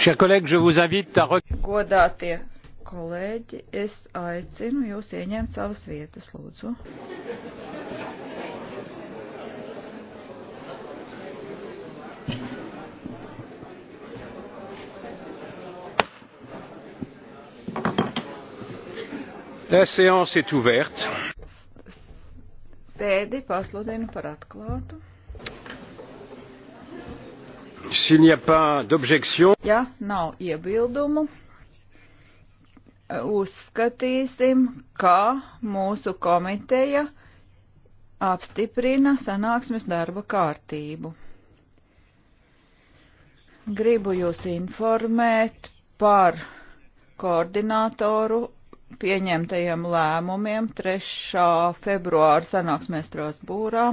Šie kolēģi, je vous invite à... Godātie kolēģi, es aicinu jūs ieņemt savas vietas, lūdzu. La séance est ouverte. Sēdi pasludinu par atklātu. Ja nav iebildumu, uzskatīsim, kā mūsu komiteja apstiprina sanāksmes darba kārtību. Gribu jūs informēt par koordinatoru pieņemtajiem lēmumiem 3. februāra sanāksmē Strasbūrā.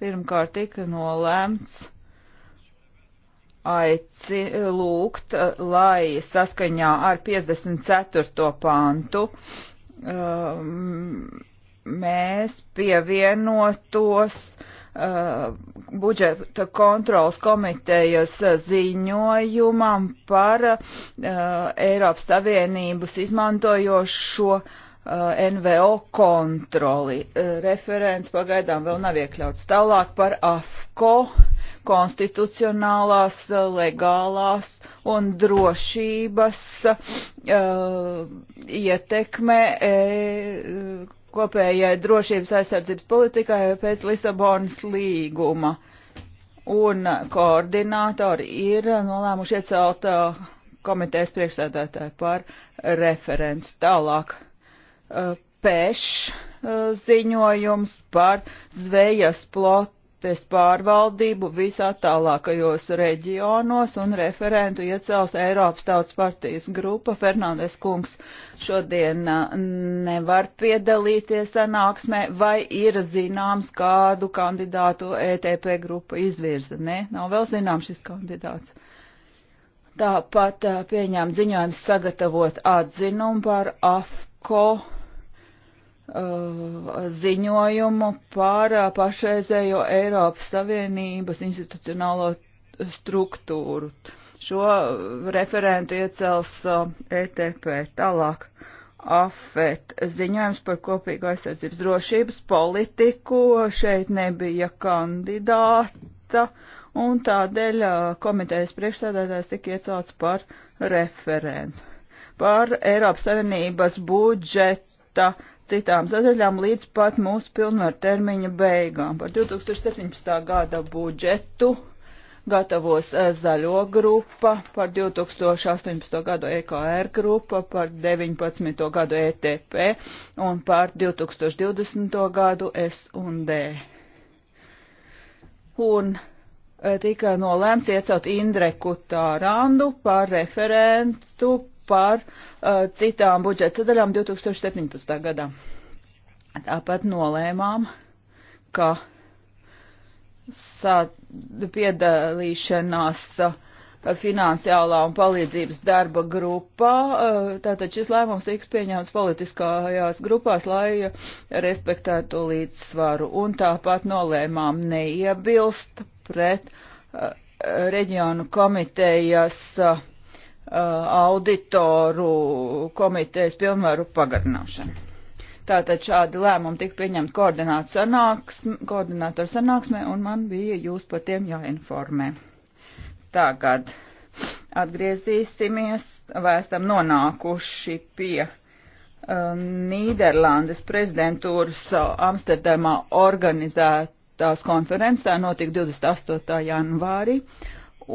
Pirmkārt tika nolēmts aici lūgt, eh, lai saskaņā ar 54. pantu um, mēs pievienotos uh, budžeta kontrolas komitejas ziņojumam par uh, Eiropas Savienības izmantojošo uh, NVO kontroli. Referents pagaidām vēl nav iekļauts tālāk par AFCO konstitucionālās, eh, legālās un drošības uh, ietekme e, kopējai drošības aizsardzības politikai pēc Lisabonas līguma. Un koordinātori ir nolēmuši iecelt uh, komitejas priekšsēdētāju par referentu. Tālāk uh, peš ziņojums par zvejas plotu vides pārvaldību visā tālākajos reģionos un referentu iecels Eiropas Tautas partijas grupa. Fernandes kungs šodien nevar piedalīties sanāksmē, vai ir zināms, kādu kandidātu ETP grupa izvirza? Nē, nav vēl zināms šis kandidāts. Tāpat pieņēma ziņojums sagatavot atzinumu par AFCO Uh, ziņojumu par uh, pašreizējo Eiropas Savienības institucionālo struktūru. Šo referentu iecels uh, ETP tālāk. AFET ziņojums par kopīgu aizsardzības drošības politiku. Šeit nebija kandidāta, un tādēļ komitejas priekšsēdētājs tika iecelts par referentu. Par Eiropas Savienības budžeta citām sadaļām līdz pat mūsu pilnvaru termiņa beigām. Par 2017. gada budžetu gatavos eh, zaļo grupa, par 2018. gadu EKR grupa, par 19. gadu ETP un par 2020. gadu S un D. Un eh, tika nolēmts iecelt Indreku Tārandu par referentu par uh, citām budžeta sadaļām 2017. gadā. Tāpat nolēmām, ka piedalīšanās uh, finansiālā un palīdzības darba grupā. Uh, tātad šis lēmums tiks pieņemts politiskajās grupās, lai respektētu līdzsvaru. Un tāpat nolēmām neiebilst pret uh, reģionu komitejas uh, Uh, auditoru komitejas pilnvaru pagarināšanu. Tātad šādi lēmumi tika pieņemti koordinātoru sanāksmē, un man bija jūs par tiem jāinformē. Tagad atgriezīsimies, vai esam nonākuši pie uh, Nīderlandes prezidentūras uh, Amsterdamā organizētās konferencē, notika 28. janvāri,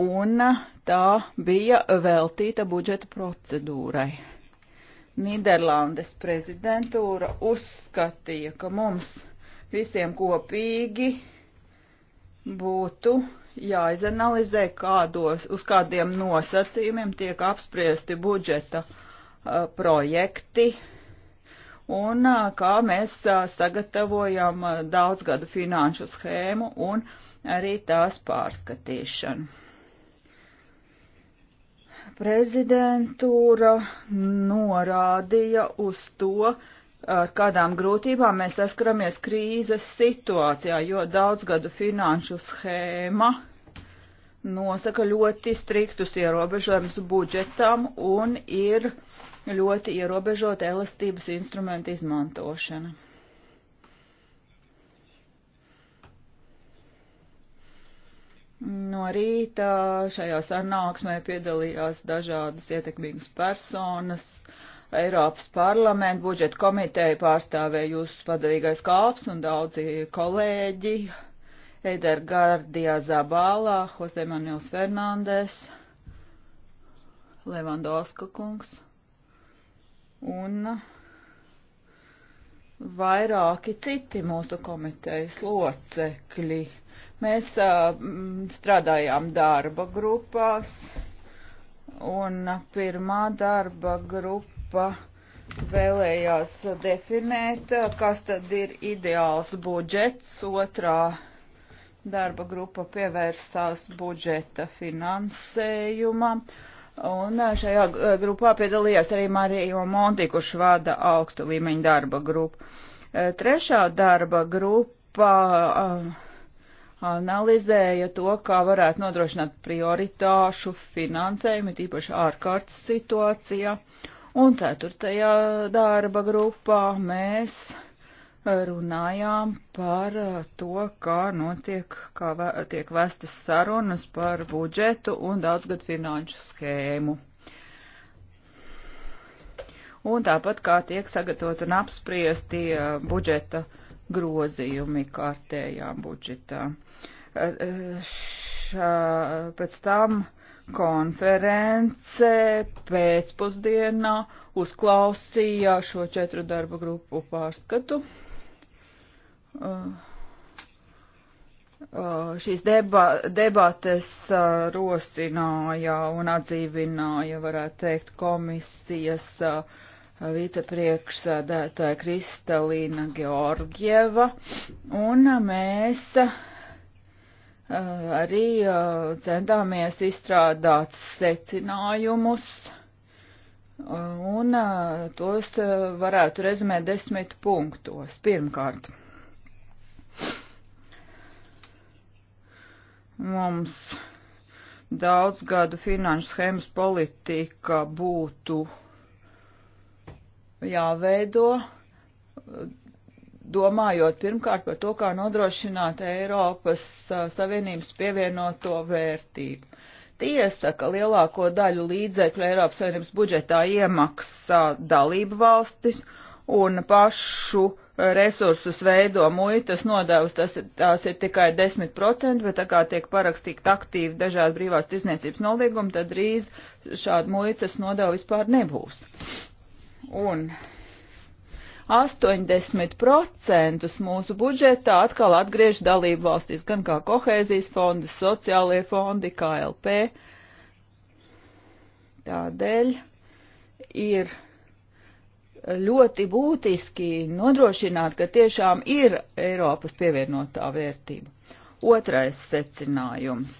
un uh, tā bija veltīta budžeta procedūrai. Nīderlandes prezidentūra uzskatīja, ka mums visiem kopīgi būtu jāizanalizē, kādos, uz kādiem nosacījumiem tiek apspriesti budžeta uh, projekti un uh, kā mēs uh, sagatavojam daudzgadu finanšu schēmu un arī tās pārskatīšanu prezidentūra norādīja uz to, ar kādām grūtībām mēs saskaramies krīzes situācijā, jo daudzgadu finanšu schēma nosaka ļoti striktus ierobežojumus budžetam un ir ļoti ierobežota elastības instrumenta izmantošana. No rīta šajā sanāksmē piedalījās dažādas ietekmīgas personas, Eiropas parlamenta budžeta komiteja pārstāvēja jūsu padarīgais kāps un daudzi kolēģi, Eider Gardijā Zabālā, Jose Manuels Fernandes, Levandovska kungs un vairāki citi mūsu komitejas locekļi Mēs strādājām darba grupās, un pirmā darba grupa vēlējās definēt, kas tad ir ideāls budžets, otrā darba grupa pievērsās budžeta finansējumam. Un šajā grupā piedalījās arī Marija Monti, kurš vada augsta līmeņa darba grupu. Trešā darba grupa uh, analizēja to, kā varētu nodrošināt prioritāšu finansējumu, tīpaši ārkārtas situācijā. Un ceturtajā darba grupā mēs runājām par to, kā notiek, kā vē, tiek vestas sarunas par budžetu un daudzgad finanšu schēmu. Un tāpat kā tiek sagatavot un apspriesti eh, budžeta uh, grozījumi kārtējām budžetā. Šā, pēc tam konference pēcpusdienā uzklausīja šo četru darba grupu pārskatu. Uh, Uh, šīs deba, debates uh, rosināja un atdzīvināja, varētu teikt, komisijas uh, vicepriekšsādātāja Kristalīna Georgieva, un mēs uh, arī uh, centāmies izstrādāt secinājumus, uh, un tos varētu rezumēt desmit punktos. Pirmkārt, mums daudz gadu finanšu schēmas politika būtu jāveido, domājot pirmkārt par to, kā nodrošināt Eiropas Savienības pievienoto vērtību. Tiesa, ka lielāko daļu līdzekļu Eiropas Savienības budžetā iemaksā dalību valstis un pašu resursus veido muitas nodevas, tas, tās ir tikai 10%, bet tā kā tiek parakstīt aktīvi dažādi brīvās tirzniecības nolīgumi, tad drīz šāda muitas nodeva vispār nebūs. Uh, Un 80% mūsu budžeta atkal atgriež dalību valstīs, gan kā kohēzijas fondi, sociālie fondi, kā LP. Tādēļ ir ļoti būtiski nodrošināt, ka tiešām ir Eiropas pievienotā vērtība. Otrais secinājums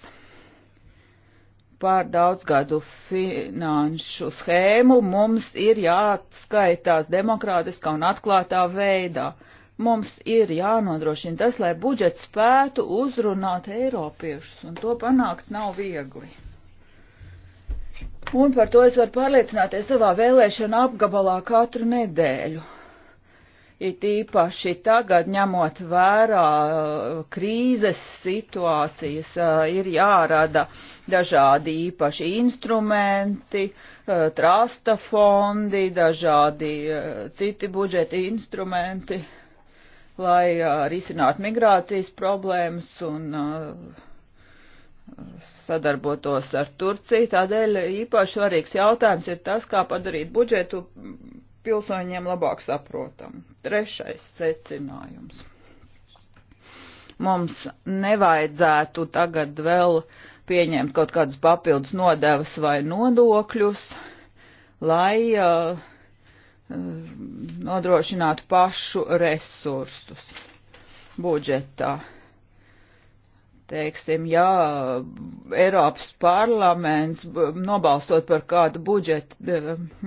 par daudzgadu finanšu schēmu mums ir jāatskaitās demokrātiskā un atklātā veidā. Mums ir jānodrošina tas, lai budžets spētu uzrunāt eiropiešus, un to panākt nav viegli. Un par to es varu pārliecināties savā vēlēšana apgabalā katru nedēļu. It īpaši tagad, ņemot vērā uh, krīzes situācijas, uh, ir jārada uh, dažādi īpaši instrumenti, eh, trasta fondi, dažādi eh, citi budžeti instrumenti, lai eh, risinātu migrācijas problēmas un sadarbotos ar Turciju. Tādēļ īpaši svarīgs jautājums ir tas, kā padarīt budžetu pilsoņiem labāk saprotam. Trešais secinājums. Mums nevajadzētu tagad vēl uh, pieņemt kaut kādus papildus nodevas vai nodokļus, lai uh, nodrošinātu pašu resursus budžetā. Teiksim, ja Eiropas parlaments nobalstot par kādu budžetu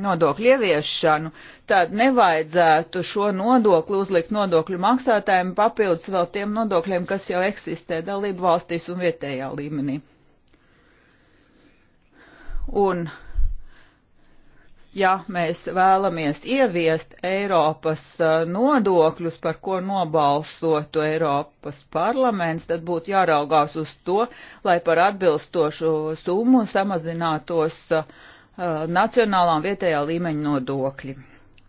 nodokļu ieviešanu, tad nevajadzētu šo nodokli uzlikt nodokļu maksātājiem papildus vēl tiem nodokļiem, kas jau eksistē dalību valstīs un vietējā līmenī un ja mēs vēlamies ieviest Eiropas uh, nodokļus, par ko nobalsotu Eiropas parlaments, tad būtu jāraugās uz to, lai par atbilstošu summu samazinātos uh, nacionālā un vietējā līmeņa nodokļi.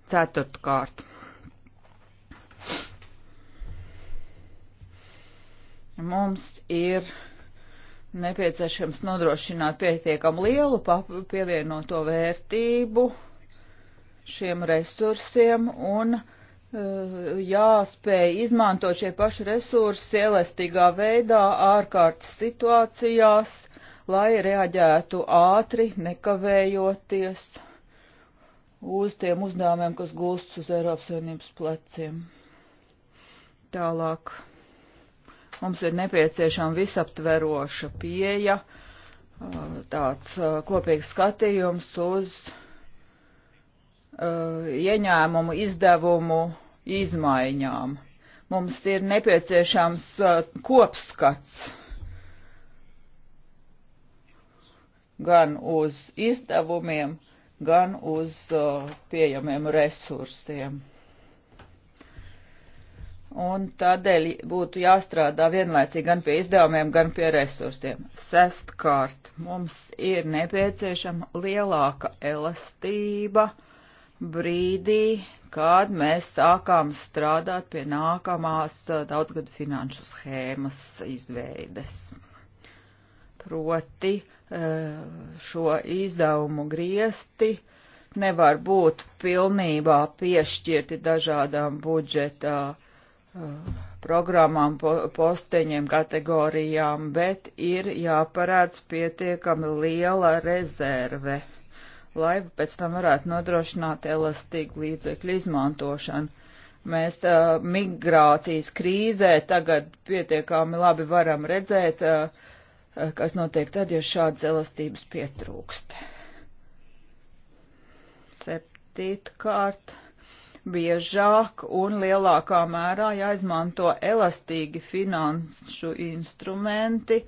Ceturtkārt. Mums ir nepieciešams nodrošināt pietiekam lielu pievienoto vērtību šiem resursiem un eh, jāspēj izmantot šie paši resursi elastīgā veidā ārkārtas situācijās, lai reaģētu ātri, nekavējoties uz tiem uzdevumiem, kas gūsts uz Eiropas Savienības pleciem. Tālāk. Mums ir nepieciešama visaptveroša pieeja, uh, tāds uh, kopīgs skatījums uz uh, ieņēmumu izdevumu izmaiņām. Mums ir nepieciešams kopskats gan uz izdevumiem, gan uz pieejamiem resursiem. Un tādēļ būtu jāstrādā vienlaicīgi gan pie izdevumiem, gan pie resursiem. Sestkārt, mums ir nepieciešama lielāka elastība brīdī, kad mēs sākām strādāt pie nākamās eh, daudzgadu finanšu schēmas izveides. Proti eh, šo izdevumu griesti nevar būt pilnībā piešķirti dažādām budžetā uh, programmām, posteņiem, kategorijām, bet ir jāparāds pietiekami liela rezerve, lai pēc tam varētu nodrošināt elastīgu līdzekļu izmantošanu. Mēs tā, migrācijas krīzē tagad pietiekami labi varam redzēt, kas notiek tad, ja šādas elastības pietrūkst. Septītkārt biežāk un lielākā mērā jāizmanto elastīgi finanšu instrumenti,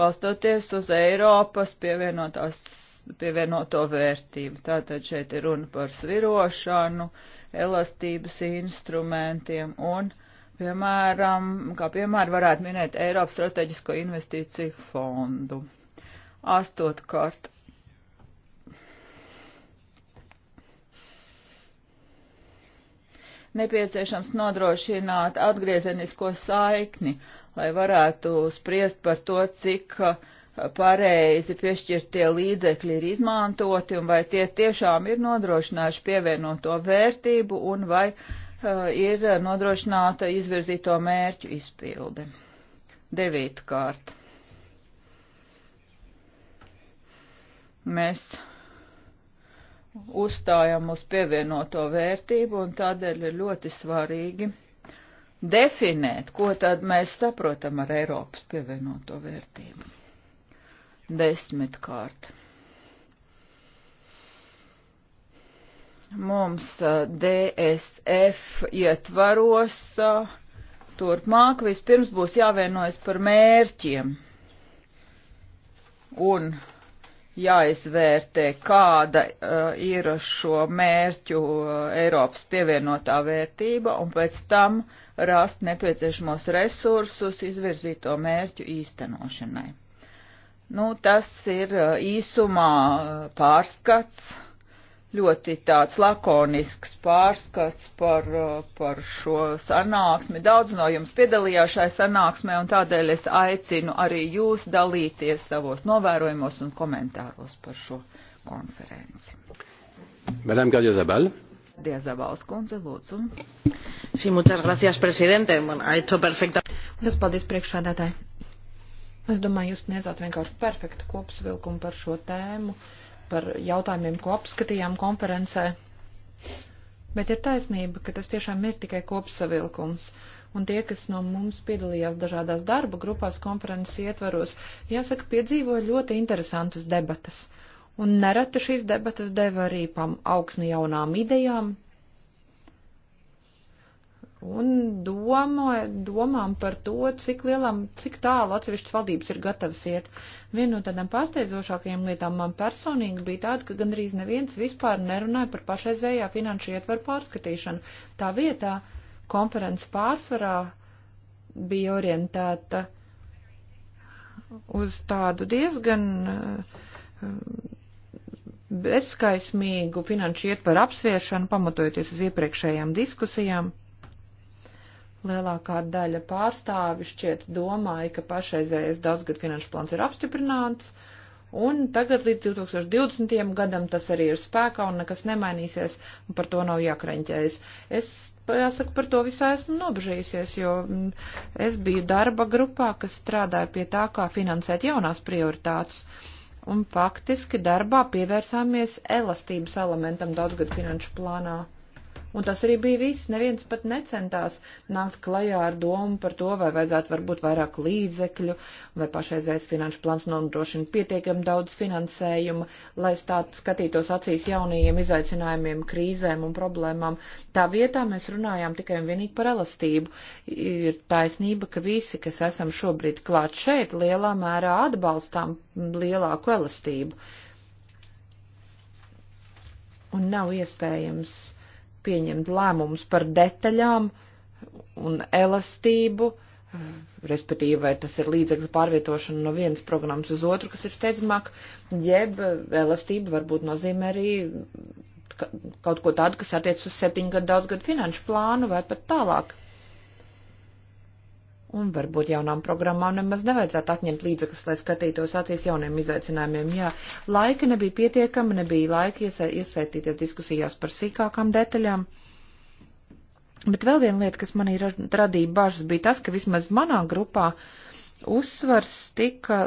balstoties uz Eiropas pievienotās, pievienoto vērtību. Tātad šeit ir runa par svirošanu, elastības instrumentiem un, piemēram, kā piemēra varētu minēt Eiropas strateģisko investīciju fondu. Astotkārt, nepieciešams nodrošināt atgriezenisko saikni, lai varētu spriest par to, cik uh, pareizi piešķirtie līdzekļi ir izmantoti un vai tie tiešām ir nodrošinājuši pievienoto vērtību un vai uh, ir nodrošināta izvirzīto mērķu izpildi. Devītkārt. Mēs uzstājam uz pievienoto vērtību un tādēļ ir ļoti svarīgi definēt, ko tad mēs saprotam ar Eiropas pievienoto vērtību. Desmitkārt. Mums DSF ietvaros turpmāk vispirms būs jāvienojas par mērķiem un jāizvērtē, kāda uh, ir šo mērķu uh, Eiropas pievienotā vērtība, un pēc tam rast nepieciešamos resursus izvirzīto mērķu īstenošanai. Nu, tas ir uh, īsumā uh, pārskats ļoti tāds lakonisks pārskats par, uh, par šo sanāksmi. Daudz no jums piedalījās šai sanāksmē, un tādēļ es aicinu arī jūs dalīties savos novērojumos un komentāros par šo konferenci. Madame Gardiazabal. Diazabals kundze, lūdzu. Sí, muchas gracias, presidente. Bueno, ha hecho perfecta. Es paldies priekšādātāji. Es domāju, jūs sniedzāt vienkārši perfektu kopsvilkumu par šo tēmu. Uh, par jautājumiem, ko apskatījām konferencē. Bet ir taisnība, ka tas tiešām ir tikai kopsavilkums. Un tie, kas no mums piedalījās dažādās darba grupās konferences ietvaros, jāsaka, piedzīvoja ļoti interesantas debatas. Un nereti šīs debatas deva arī pam augsni jaunām idejām, un domā, domām par to, cik lielam, cik tālu atsevišķas valdības ir gatavas iet. Viena no tādām pārsteidzošākajām lietām man personīgi bija tāda, ka gandrīz neviens vispār nerunāja par pašreizējā finanšu ietveru pārskatīšanu. Tā vietā konferences pārsvarā bija orientēta uz tādu diezgan eh, bezskaismīgu finanšu ietveru apsviešanu, pamatojoties uz iepriekšējām diskusijām. Lielākā daļa pārstāvi šķiet domāja, ka pašreizējais daudzgad finanšu plāns ir apstiprināts, un tagad līdz 2020. gadam tas arī ir spēkā un nekas nemainīsies, un par to nav jākraņķējis. Es, jāsaka, par to visā esmu nobežījusies, jo mm, es biju darba grupā, kas strādāja pie tā, kā finansēt jaunās prioritātes un faktiski darbā pievērsāmies elastības elementam daudzgad finanšu plānā. Un tas arī bija viss. Neviens pat necentās nākt klajā ar domu par to, vai vajadzētu varbūt vairāk līdzekļu, vai pašreizējais finanšu plāns nodrošina pietiekami daudz finansējuma, lai stāt skatītos acīs jaunajiem izaicinājumiem, krīzēm un problēmām. Tā vietā mēs runājām tikai un vienīgi par elastību. Ir taisnība, ka visi, kas esam šobrīd klāt šeit, lielā mērā atbalstām lielāku elastību. Un nav iespējams pieņemt lēmumus par detaļām un elastību, respektīvi, vai tas ir līdzekļu pārvietošana no vienas programmas uz otru, kas ir steidzamāk, jeb elastība varbūt nozīmē arī kaut ko tādu, kas attiec uz septiņu gadu, daudz gadu finanšu plānu vai pat tālāk. Un varbūt jaunām programmām nemaz nevajadzētu atņemt līdzekļus, lai skatītos acīs jauniem izaicinājumiem. Jā, laika nebija pietiekama, nebija laika iesa iesaistīties diskusijās par sīkākām detaļām. Bet vēl viena lieta, kas manī radīja bažas, bija tas, ka vismaz manā grupā uzsvars tika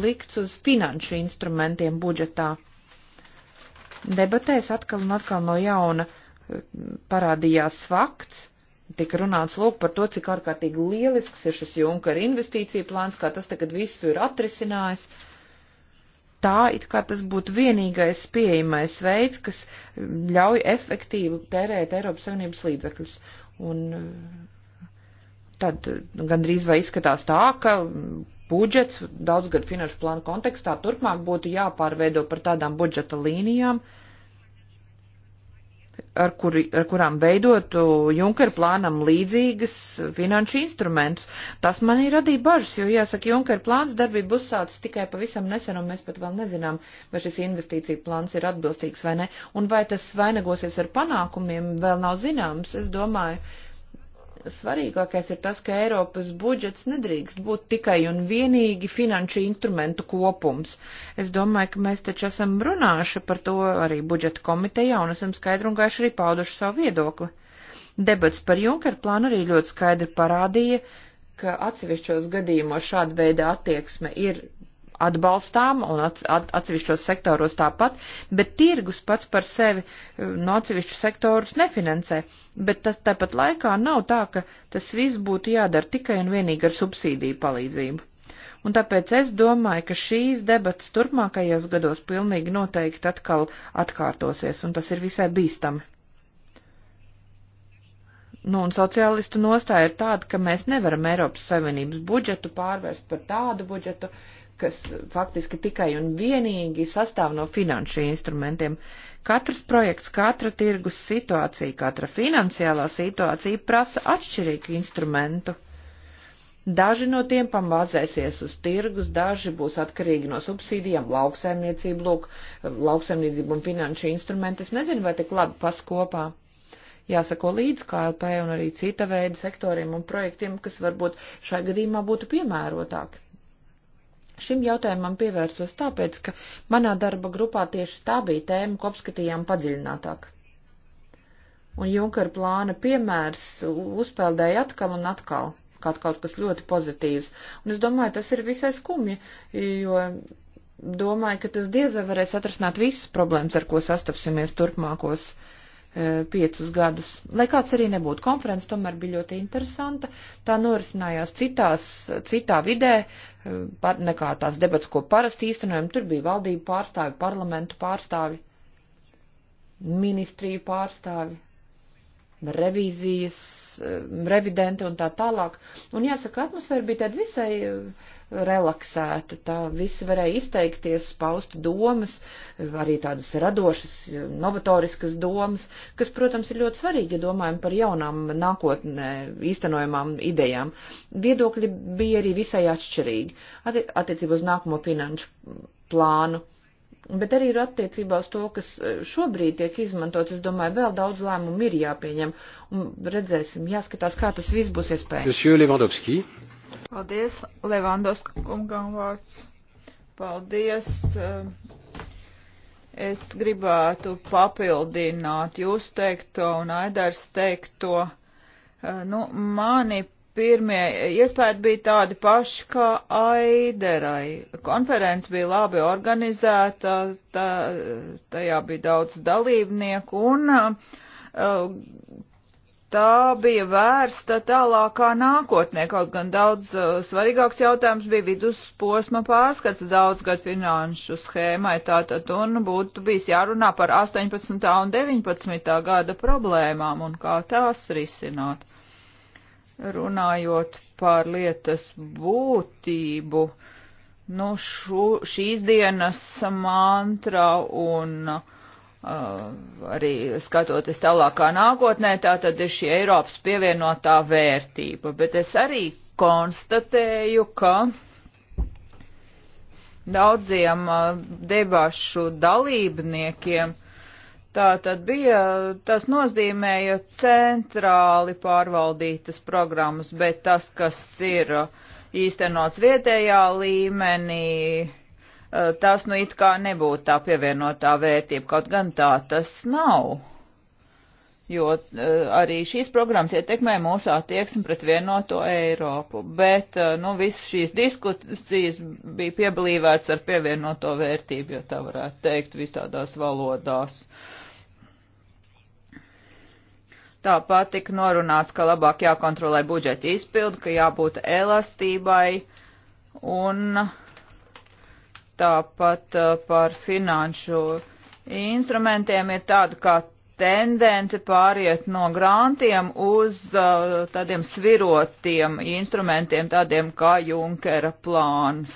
likts uz finanšu instrumentiem budžetā. Debatēs atkal un atkal no jauna eh, parādījās fakts, tika runāts lūk par to, cik ārkārtīgi lielisks ir šis Junkara investīcija plāns, kā tas tagad visu ir atrisinājis. Tā it kā tas būtu vienīgais pieejamais veids, kas ļauj efektīvi tērēt Eiropas Savienības līdzekļus. Un eh, tad gandrīz vai izskatās tā, ka budžets daudzgad finanšu plānu kontekstā turpmāk būtu jāpārveido par tādām budžeta līnijām, uh, ar, kuri, ar kurām veidotu Junker plānam līdzīgas finanšu instrumentus. Tas man ir radīja bažas, jo, jāsaka, Junker plāns darbība uzsācis tikai pavisam nesen, un mēs pat vēl nezinām, vai šis investīcija plāns ir atbilstīgs vai ne, un vai tas vainagosies ar panākumiem, vēl nav zināms. Es domāju, Svarīgākais ir tas, ka Eiropas budžets nedrīkst būt tikai un vienīgi finanšu instrumentu kopums. Es domāju, ka mēs taču esam runājuši par to arī budžeta komitejā un esam skaidri un gaiši arī pauduši savu viedokli. Debats par Junker plānu arī ļoti skaidri parādīja, ka atsevišķos gadījumos šāda veida attieksme ir atbalstām un at, at, atsevišķos sektoros tāpat, bet tirgus pats par sevi eh, no atsevišķu sektorus nefinansē. Bet tas tāpat laikā nav tā, ka tas viss būtu jādara tikai un vienīgi ar subsīdiju palīdzību. Un tāpēc es domāju, ka šīs debats turpmākajos gados pilnīgi noteikti atkal atkārtosies, un tas ir visai bīstami. Nu, un sociālistu nostāja ir tāda, ka mēs nevaram Eiropas Savienības budžetu pārvērst par tādu budžetu, uh, kas faktiski tikai un vienīgi sastāv no finanšu instrumentiem. Katrs projekts, katra tirgus situācija, katra finansiālā situācija prasa atšķirīgu instrumentu. Daži no tiem pamazēsies uz tirgus, daži būs atkarīgi no subsīdijām, lauksaimniecību, lūk, lauksaimniecību un finanšu instrumenti. Es nezinu, vai tik labi pas kopā jāsako līdz KLP un arī cita veida sektoriem un projektiem, kas varbūt šai gadījumā būtu piemērotāki. Šim jautājumam pievērsos tāpēc, ka manā darba grupā tieši tā bija tēma, ko apskatījām padziļinātāk. Un Junkara plāna piemērs uzpeldēja atkal un atkal, kā kaut kas ļoti pozitīvs. Un es domāju, tas ir visai skumji, jo domāju, ka tas diezai varēs atrasināt visas problēmas, ar ko sastapsimies turpmākos E, piecus gadus. Lai kāds arī nebūtu, konference tomēr bija ļoti interesanta. Tā norisinājās citās, citā vidē, e, par, nekā tās debats, ko parasti īstenojam. Tur bija valdību pārstāvi, parlamentu pārstāvi, ministriju pārstāvi, revīzijas, e, revidenti un tā tālāk. Un jāsaka, atmosfēra bija tāda visai relaksēta, tā visi varēja izteikties, paust domas, arī tādas radošas, novatoriskas domas, kas, protams, ir ļoti svarīgi, ja domājam par jaunām nākotnē īstenojumām idejām. Viedokļi bija arī visai atšķirīgi attiecībā uz nākamo finanšu plānu. Bet arī ir attiecībā uz to, kas eh, šobrīd tiek izmantots, es domāju, vēl daudz lēmumu ir jāpieņem, un redzēsim, jāskatās, kā tas viss būs iespējams. Paldies, Levandovska kungam vārds. Paldies. Eh, es gribētu papildināt jūs teikto un Aidars teikto. Eh, nu, mani pirmie iespēja bija tādi paši kā Aiderai. Konference bija labi organizēta, tā, tajā bija daudz dalībnieku un uh, tā bija vērsta tālākā nākotnē, kaut gan daudz uh, svarīgāks jautājums bija vidusposma pārskats daudzgad finanšu schēmai, tātad un būtu bijis jārunā par 18. un 19. gada problēmām un kā tās risināt. Runājot par lietas būtību, nu šo, šīs dienas mantra un uh, Uh, arī skatoties tālākā nākotnē, tā tad ir šī Eiropas pievienotā vērtība. Bet es arī konstatēju, ka daudziem uh, debašu dalībniekiem tā tad bija, tas nozīmēja centrāli pārvaldītas programmas, bet tas, kas ir uh, īstenots vietējā līmenī, Eh, tās nu it kā nebūtu tā pievienotā vērtība, kaut gan tā tas nav. Jo eh, arī šīs programmas ietekmē mūsu attieksmi pret vienoto Eiropu, bet eh, nu visas šīs diskusijas bija pieblīvēts ar pievienoto vērtību, ja tā varētu teikt, visādās valodās. Tāpat tika norunāts, ka labāk jākontrolē budžeta izpildu, ka jābūt elastībai un uh, Tāpat uh, par finanšu instrumentiem ir tāda kā tendence pāriet no grantiem uz uh, tādiem svirotiem instrumentiem, tādiem kā Junkera plāns.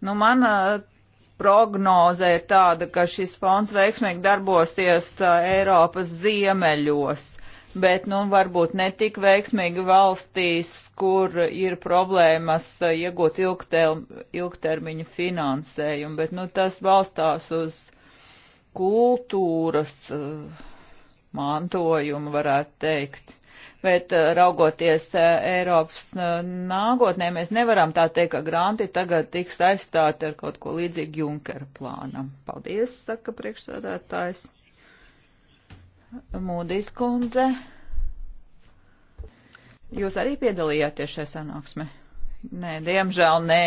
Nu, mana prognoze ir tāda, ka šis fonds veiksmīgi darbosies uh, Eiropas ziemeļos bet nu, varbūt netik veiksmīgi valstīs, kur ir problēmas eh, iegūt ilgtermiņa finansējumu, bet nu, tas balstās uz kultūras eh, mantojumu, varētu teikt. Bet eh, raugoties Eiropas nākotnē, mēs nevaram tā teikt, ka granti tagad tiks aizstāti ar kaut ko līdzīgu Junkera plānam. Paldies, saka priekšsādātājs. Mūdīs kundze. Jūs arī piedalījāties šajā sanāksmē? Nē, diemžēl nē.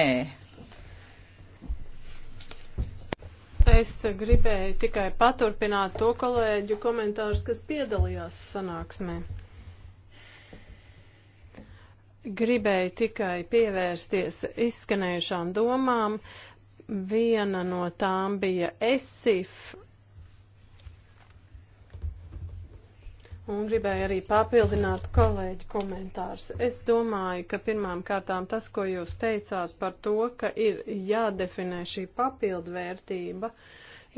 Es gribēju tikai paturpināt to kolēģu komentārus, kas piedalījās sanāksmē. Gribēju tikai pievērsties izskanējušām domām. Viena no tām bija ESIF Un gribēju arī papildināt kolēģi komentārs. Es domāju, ka pirmām kārtām tas, ko jūs teicāt par to, ka ir jādefinē šī papildvērtība,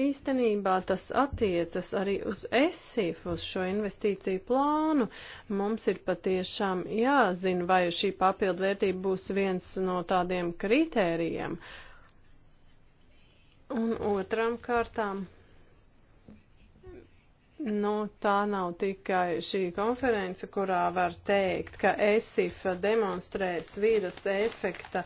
īstenībā tas attiecas arī uz ESIF, uz šo investīciju plānu. Mums ir patiešām jāzina, vai šī papildvērtība būs viens no tādiem kritērijiem. Un otram kārtām Nu, tā nav tikai šī konference, kurā var teikt, ka ESIF demonstrē svīras efekta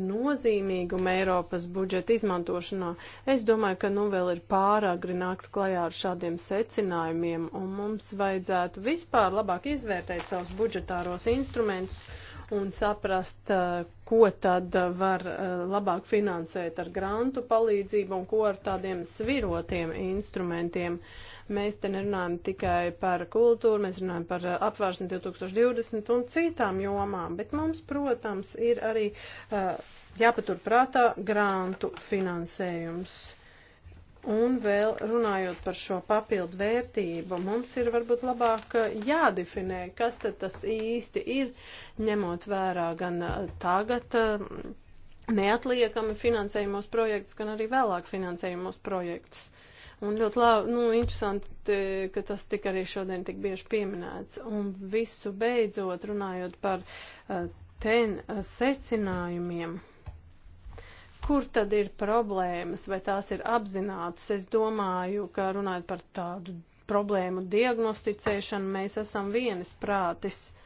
nozīmīgumu Eiropas budžeta izmantošanā. Es domāju, ka nu vēl ir pāragri nākt klajā ar šādiem secinājumiem, un mums vajadzētu vispār labāk izvērtēt savus budžetāros instrumentus un saprast, eh, ko tad eh, var eh, labāk finansēt ar grantu palīdzību un ko ar tādiem svirotiem instrumentiem. Mēs te nerunājam tikai par kultūru, mēs runājam par apvārsni 2020 un citām jomām, bet mums, protams, ir arī jāpatur prātā grantu finansējums. Un vēl runājot par šo papildu vērtību, mums ir varbūt labāk jādefinē, kas tad tas īsti ir, ņemot vērā gan tagad neatliekami finansējumos projektus, gan arī vēlāk finansējumos projektus. Un ļoti labi, nu, interesanti, ka tas tik arī šodien tik bieži pieminēts. Un visu beidzot runājot par ten secinājumiem. Uh, Kur tad ir problēmas, vai tās ir apzinātas? Es domāju, ka runājot par tādu problēmu diagnosticēšanu, mēs esam vienas prātis. Uh,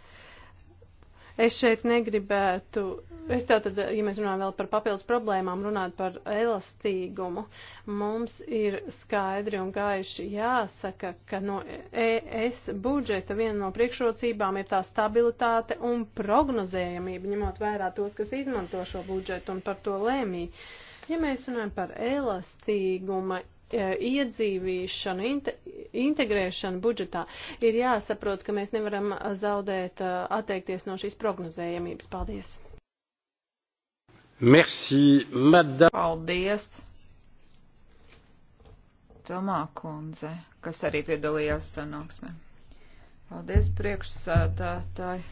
Es šeit negribētu, es tātad, ja mēs runājam vēl par papildus problēmām, runāt par elastīgumu, mums ir skaidri un gaiši jāsaka, ka no ES budžeta viena no priekšrocībām ir tā stabilitāte un prognozējamība, ņemot vērā tos, kas izmanto šo budžetu un par to lēmī. Ja mēs runājam par elastīguma E, iedzīvīšanu, inte, integrēšanu budžetā, ir jāsaprot, ka mēs nevaram zaudēt e, atteikties no šīs prognozējamības. Paldies! Merci, madame. Paldies! Tomā kundze, kas arī piedalījās sanāksmē. Paldies, priekšsādātāji!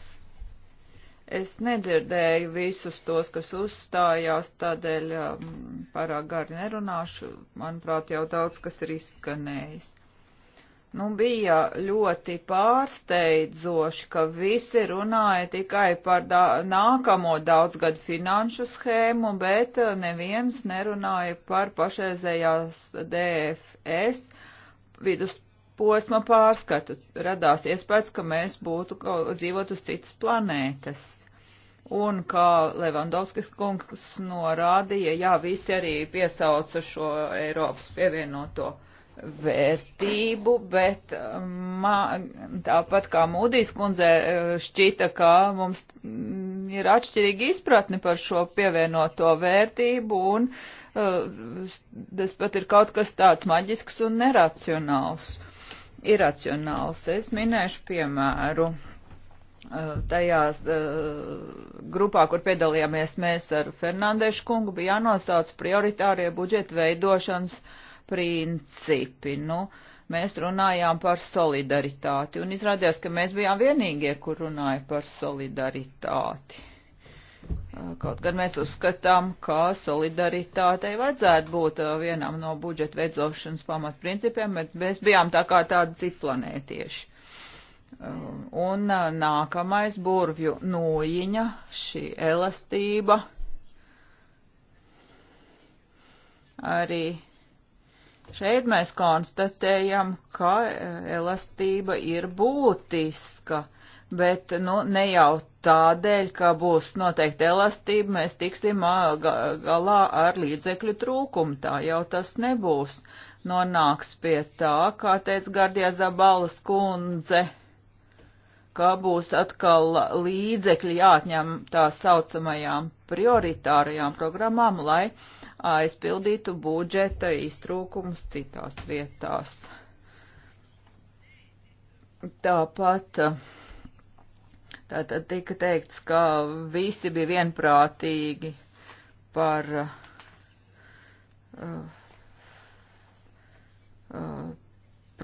Es nedzirdēju visus tos, kas uzstājās, tādēļ um, pārāk gari nerunāšu. Manuprāt, jau daudz kas ir izskanējis. Nu, bija ļoti pārsteidzoši, ka visi runāja tikai par da nākamo daudzgadu finanšu schēmu, bet uh, neviens nerunāja par pašreizējās DFS vidus posma pārskatu. Radās iespējas, ka mēs būtu dzīvot uz citas planētas. Un kā Levandovskis kungs norādīja, jā, visi arī piesauca šo Eiropas pievienoto vērtību, bet um, ma, tāpat kā Mūdīs kundze uh, šķita, ka mums mm, ir atšķirīga izpratne par šo pievienoto vērtību un uh, tas pat ir kaut kas tāds maģisks un neracionāls iracionāls. Es minēšu piemēru eh, tajās eh, grupā, kur piedalījāmies mēs ar Fernandešu kungu, bija jānosauc prioritārie budžeta veidošanas principi. Nu, mēs runājām par solidaritāti, un izrādījās, ka mēs bijām vienīgie, kur runāja par solidaritāti. Kaut gan mēs uzskatām, ka solidaritātei vajadzētu būt vienam no budžeta veidošanas pamatprincipiem, bet mēs bijām tā kā tādi citplanētieši. Un nākamais burvju nūjiņa, šī elastība arī Šeit mēs konstatējam, ka elastība ir būtiska, bet nu, ne jau tādēļ, ka būs noteikti elastība, mēs tiksim galā ar līdzekļu trūkumu. Tā jau tas nebūs. Nonāks pie tā, kā teica Gardijā Zabalas kundze, ka būs atkal līdzekļi jāatņem tā saucamajām prioritārajām programmām, lai aizpildītu budžeta iztrūkumus citās vietās. Tāpat uh, Tātad tika teikts, ka visi bija vienprātīgi par uh, uh,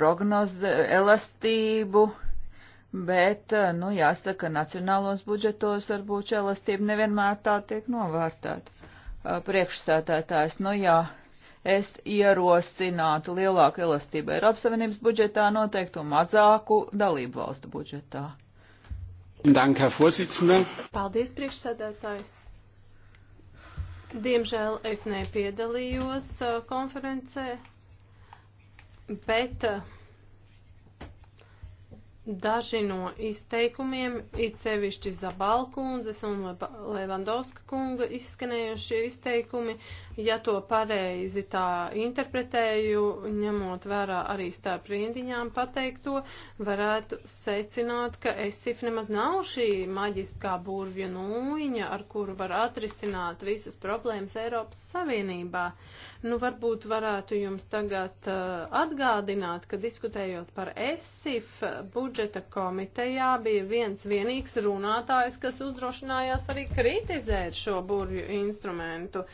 prognoze, elastību, bet, uh, nu, jāsaka, nacionālos budžetos varbūt šī elastība nevienmēr tā tiek novērtēta. Uh, Priekšsētētājs, nu jā, es ierosinātu lielāku elastību Eiropas Savienības budžetā noteiktu mazāku dalību valstu budžetā. Dank, Herr Vorsitzender. Paldies, priekšsēdētāji. Diemžēl es nepiedalījos uh, konferencē, bet. Uh, Daži no izteikumiem, it sevišķi Zabalkundzes un Levandovska kunga izskanējušie izteikumi, ja to pareizi tā interpretēju, ņemot vērā arī starp rindiņām pateikto, varētu secināt, ka esif nemaz nav šī maģiskā burvju nūjiņa, ar kuru var atrisināt visas problēmas Eiropas Savienībā. Uh, Nu, varbūt varētu jums tagad uh, atgādināt, ka diskutējot par ESIF budžeta komitejā bija viens vienīgs runātājs, kas uzdrošinājās arī kritizēt šo burju instrumentu.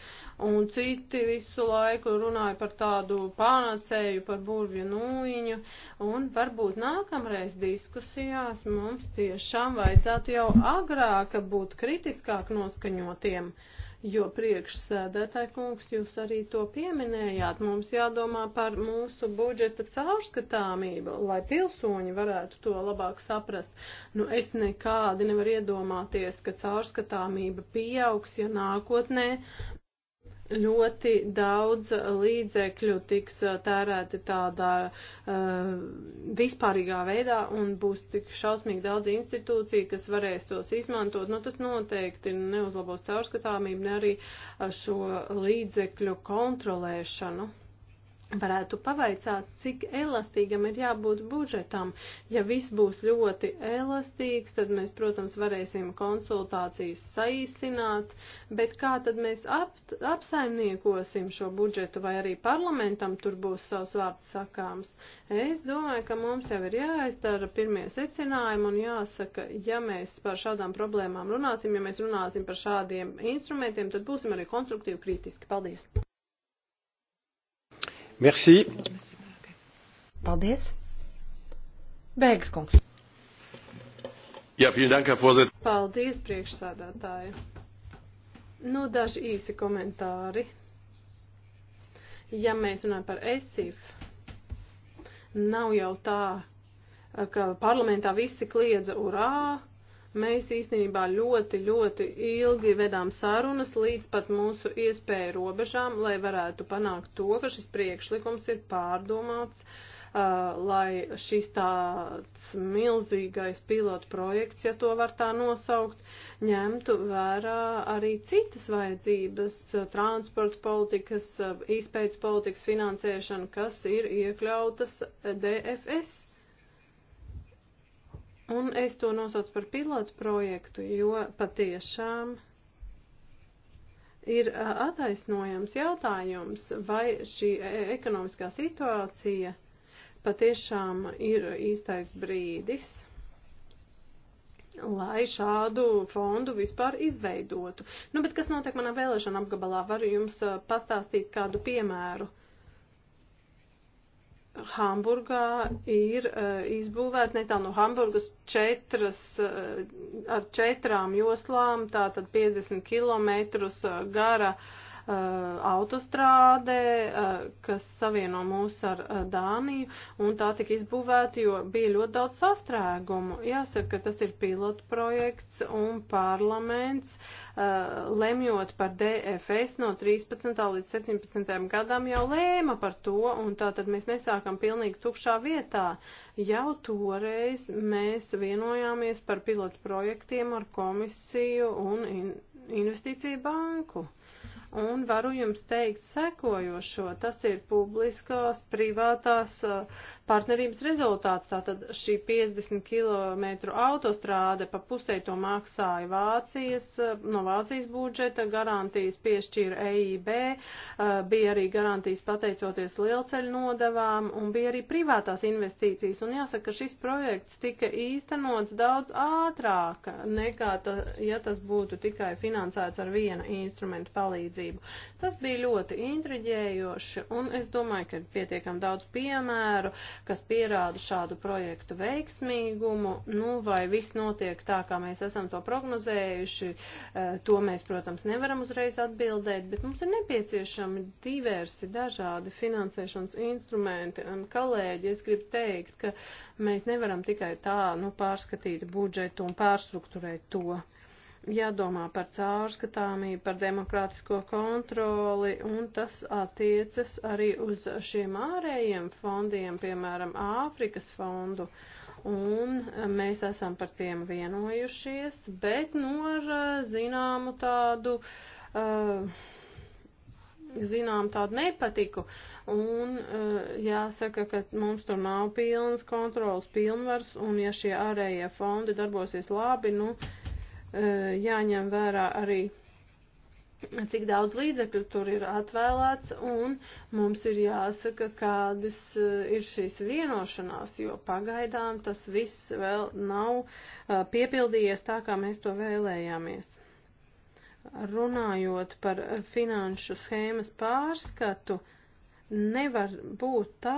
Un citi visu laiku runāja par tādu panacēju, par burvju nūjiņu. Un varbūt nākamreiz diskusijās mums tiešām vajadzētu jau agrāk būt kritiskāk noskaņotiem. Uh, jo priekšsēdētāji kungs jūs arī to pieminējāt. Mums jādomā par mūsu budžeta caurskatāmību, lai pilsoņi varētu to labāk saprast. Nu, es nekādi nevaru iedomāties, ka caurskatāmība pieaugs, ja nākotnē ļoti daudz līdzekļu tiks uh, tērēti tādā uh, vispārīgā veidā un būs tik šausmīgi daudz institūciju, kas varēs tos izmantot. Nu, tas noteikti neuzlabos caurskatāmību, ne arī uh, šo līdzekļu kontrolēšanu varētu pavaicāt, cik elastīgam ir jābūt budžetam. Ja viss būs ļoti elastīgs, tad mēs, protams, varēsim konsultācijas saīsināt, bet kā tad mēs ap, apsaimniekosim šo budžetu vai arī parlamentam tur būs savs vārds sakāms? Es domāju, ka mums jau ir jāizdara pirmie secinājumi un jāsaka, ja mēs par šādām problēmām runāsim, ja mēs runāsim par šādiem instrumentiem, tad būsim arī konstruktīvi kritiski. Paldies! Merci. Paldies. Beigas kungs. Jā, dank, Paldies, priekšsādātāji. Nu, daži īsi komentāri. Ja mēs runājam par ESIF, nav jau tā, ka parlamentā visi kliedza urā, Mēs īstenībā ļoti, ļoti ilgi vedām sarunas līdz pat mūsu iespēju robežām, lai varētu panākt to, ka šis priekšlikums ir pārdomāts, uh, lai šis tāds milzīgais pilotu projekts, ja to var tā nosaukt, ņemtu vērā arī citas vajadzības uh, - transporta politikas, uh, izpētes politikas finansēšana, kas ir iekļautas DFS Un es to nosaucu par pilotu projektu, jo patiešām ir attaisnojams jautājums, vai šī e, ekonomiskā situācija patiešām ir īstais brīdis, lai šādu fondu vispār izveidotu. Nu, bet kas notiek manā vēlēšana apgabalā? Varu jums pastāstīt kādu piemēru. Hamburgā ir uh, izbūvēta netālu no Hamburgas četras, uh, ar četrām joslām, tātad 50 km eh, gara uh, Eh, autostrāde, eh, kas savieno mūs ar eh, Dāniju, un tā tika izbūvēta, jo bija ļoti daudz sastrēgumu. Jāsaka, ka tas ir pilotu projekts un parlaments, lemjot par DFS no 13. līdz 17. gadam jau lēma par to, un tā tad mēs nesākam pilnīgi tukšā vietā. Jau toreiz mēs vienojāmies par pilotu projektiem ar komisiju un investīciju banku un varu jums teikt sekojošo. Tas ir publiskās, privātās uh, partnerības rezultāts. Tātad šī 50 km autostrāde pa pusē to maksāja Vācijas, eh, no Vācijas budžeta, garantijas piešķīra EIB, eh, bija arī garantijas pateicoties lielceļu nodavām un bija arī privātās investīcijas. Un jāsaka, ka šis projekts tika īstenots daudz ātrāk nekā, ta, ja tas būtu tikai finansēts ar viena instrumenta palīdzību. Tas bija ļoti intriģējoši un es domāju, ka ir pietiekam daudz piemēru kas pierāda šādu projektu veiksmīgumu, nu, vai viss notiek tā, kā mēs esam to prognozējuši, eh, to mēs, protams, nevaram uzreiz atbildēt, bet mums ir nepieciešami diversi dažādi finansēšanas instrumenti, un kolēģi, es gribu teikt, ka mēs nevaram tikai tā, nu, pārskatīt budžetu un pārstrukturēt to jādomā par caurskatāmību, par demokrātisko kontroli, un tas attiecas arī uz šiem ārējiem fondiem, piemēram, Āfrikas fondu. Un e, mēs esam par tiem vienojušies, bet nu ar e, zināmu tādu. Uh, zinām tādu nepatiku, un uh, jāsaka, ka mums tur nav pilnas kontrolas pilnvars, un ja šie ārējie fondi darbosies labi, nu, uh, jāņem vērā arī cik daudz līdzekļu tur ir atvēlēts, un mums ir jāsaka, kādas ir šīs vienošanās, jo pagaidām tas viss vēl nav piepildījies tā, kā mēs to vēlējāmies. Runājot par finanšu schēmas pārskatu, nevar būt tā,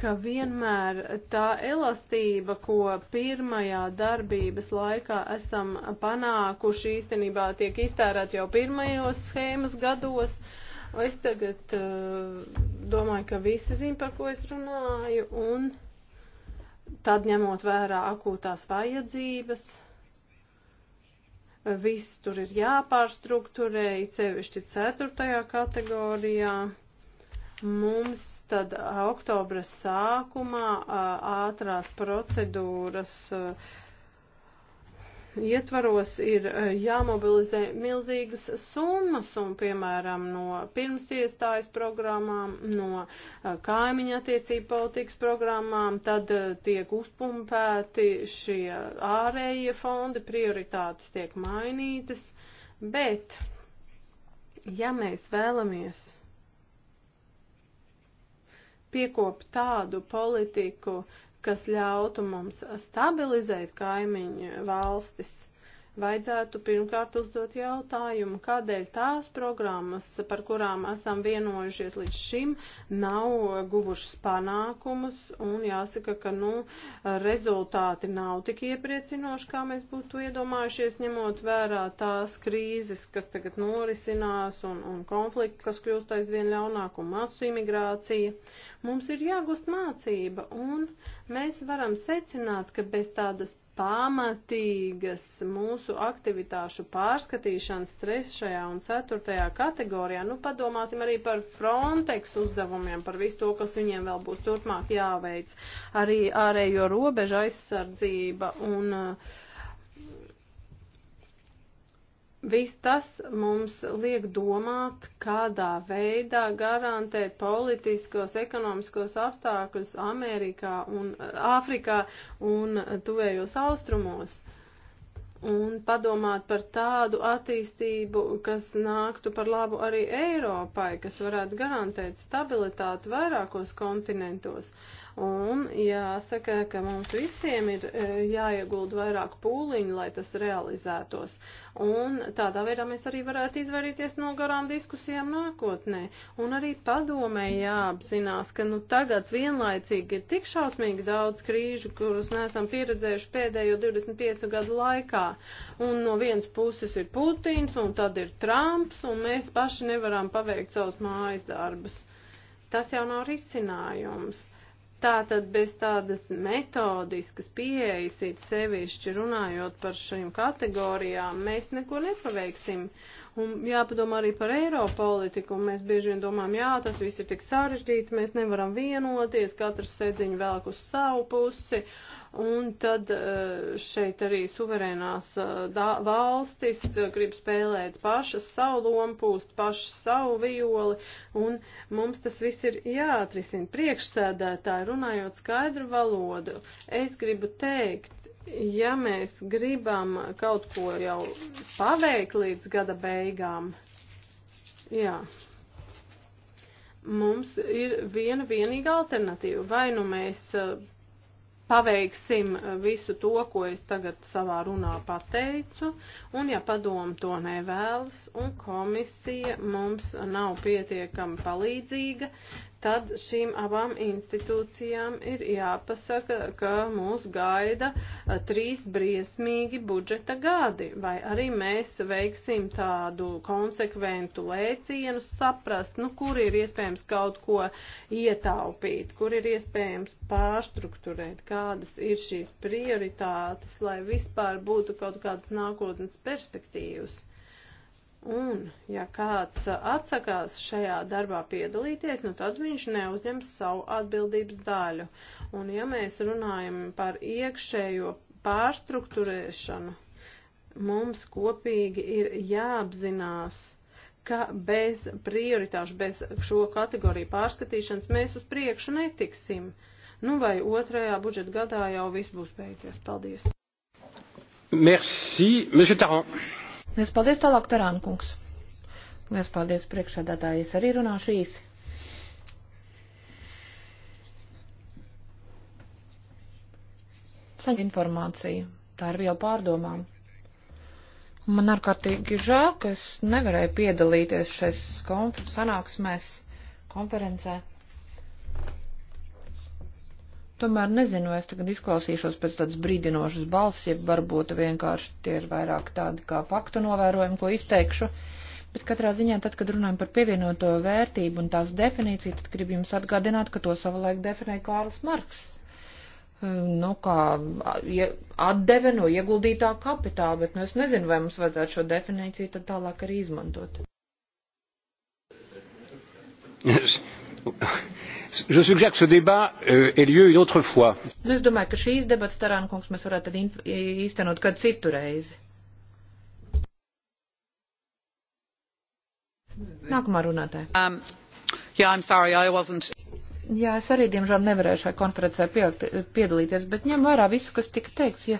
ka vienmēr tā elastība, ko pirmajā darbības laikā esam panākuši, īstenībā tiek iztērēt jau pirmajos schēmas gados. Es tagad uh, domāju, ka visi zin, par ko es runāju, un tad ņemot vērā akūtās vajadzības, viss tur ir jāpārstruktūrē, cevišķi ceturtajā kategorijā. Mums tad oktobra sākumā ātrās procedūras ietvaros ir jāmobilizē milzīgas summas un, piemēram, no pirms iestājas programmām, no kaimiņa attiecību politikas programmām, tad tiek uzpumpēti šie ārējie fondi, prioritātes tiek mainītas, bet, ja mēs vēlamies piekop tādu politiku, kas ļautu mums stabilizēt kaimiņu valstis vajadzētu pirmkārt uzdot jautājumu, kādēļ tās programmas, par kurām esam vienojušies līdz šim, nav guvušas panākumus, un jāsaka, ka, nu, rezultāti nav tik iepriecinoši, kā mēs būtu iedomājušies, ņemot vērā tās krīzes, kas tagad norisinās, un, un konflikts, kas kļūst aizvien ļaunāk, un masu imigrācija. Mums ir jāgūst mācība, un mēs varam secināt, ka bez tādas pamatīgas mūsu aktivitāšu pārskatīšanas trešajā un ceturtajā kategorijā. Nu, padomāsim arī par Frontex uzdevumiem, par visu to, kas viņiem vēl būs turpmāk jāveic. Arī ārējo robežu aizsardzība un uh, Viss tas mums liek domāt, kādā veidā garantēt politiskos, ekonomiskos apstākļus Amerikā un Āfrikā un tuvējos austrumos. Un padomāt par tādu attīstību, kas nāktu par labu arī Eiropai, kas varētu garantēt stabilitāti vairākos kontinentos. Uh, Un jāsaka, ka mums visiem ir e, jāiegulda vairāk pūliņu, lai tas realizētos. Un tādā veidā mēs arī varētu izvairīties no garām diskusijām nākotnē. Un arī padomē jāapzinās, ka nu tagad vienlaicīgi ir tik šausmīgi daudz krīžu, kurus neesam pieredzējuši pēdējo 25 gadu laikā. Un no vienas puses ir Putins, un tad ir Trumps, un mēs paši nevaram paveikt savus mājas darbus. Tas jau nav risinājums. Tātad bez tādas metodiskas pieejas, it sevišķi runājot par šīm kategorijām, mēs neko nepaveiksim. Un jāpadomā arī par Eiropolitiku, un mēs bieži vien domājam, jā, tas viss ir tik sarežģīti, mēs nevaram vienoties, katrs sēdziņu velk uz savu pusi. Uh, Un tad eh, šeit arī suverēnās eh, valstis eh, grib spēlēt pašas savu lomu, pūst pašas savu violi, un mums tas viss ir jāatrisina priekšsēdētāji, runājot skaidru valodu. Es gribu teikt, ja mēs gribam kaut ko jau paveikt līdz gada beigām, jā, mums ir viena vienīga alternatīva. Vai nu mēs paveiksim eh, visu to, ko es tagad savā runā pateicu, un ja padomu to nevēlas, un komisija mums nav pietiekami palīdzīga, tad šīm abām institūcijām ir jāpasaka, ka mūs gaida trīs briesmīgi budžeta gadi, vai arī mēs veiksim tādu konsekventu lēcienu saprast, nu, kur ir iespējams kaut ko ietaupīt, kur ir iespējams pārstruktūrēt, kādas ir šīs prioritātes, lai vispār būtu kaut kādas nākotnes perspektīvas. Un, ja kāds atsakās šajā darbā piedalīties, nu tad viņš neuzņems savu atbildības daļu. Un, ja mēs runājam par iekšējo pārstruktūrēšanu, mums kopīgi ir jāapzinās, ka bez prioritāšu, bez šo kategoriju pārskatīšanas mēs uz priekšu netiksim. Nu vai otrajā budžeta gadā jau viss būs beidzies. Paldies. Merci, monsieur Tarant. Lies paldies tālāk, Tarānkungs. Lies paldies priekšsēdētāji, es arī runāšu īsi. Saņem informāciju, tā ir viela pārdomām. Man ārkārtīgi žēl, ka es nevarēju piedalīties šais konfer sanāksmēs, konferencē. Tomēr nezinu, es tagad izklausīšos pēc tādas brīdinošas balss, ja varbūt vienkārši tie ir vairāk tādi kā faktu novērojumi, ko izteikšu. Bet katrā ziņā, tad, kad runājam par pievienoto vērtību un tās definīciju, tad gribu jums atgādināt, ka to savulaik definēja Kārls Marks. Hm, nu, kā atdeve no ieguldītā kapitāla, bet nu, es nezinu, vai mums vajadzētu šo definīciju tad tālāk arī izmantot. Je suggère que ce débat euh, ait lieu une autre fois. Nu, es domāju, ka šīs debatas, Tarāna kungs, mēs varētu tad īstenot kādu citu reizi. Nākamā runātāja. Um, yeah, I'm sorry, I wasn't. Jā, es arī, diemžēl, nevarēju šai konferencē piedalīties, bet ņem vērā visu, kas tika teikts. Ja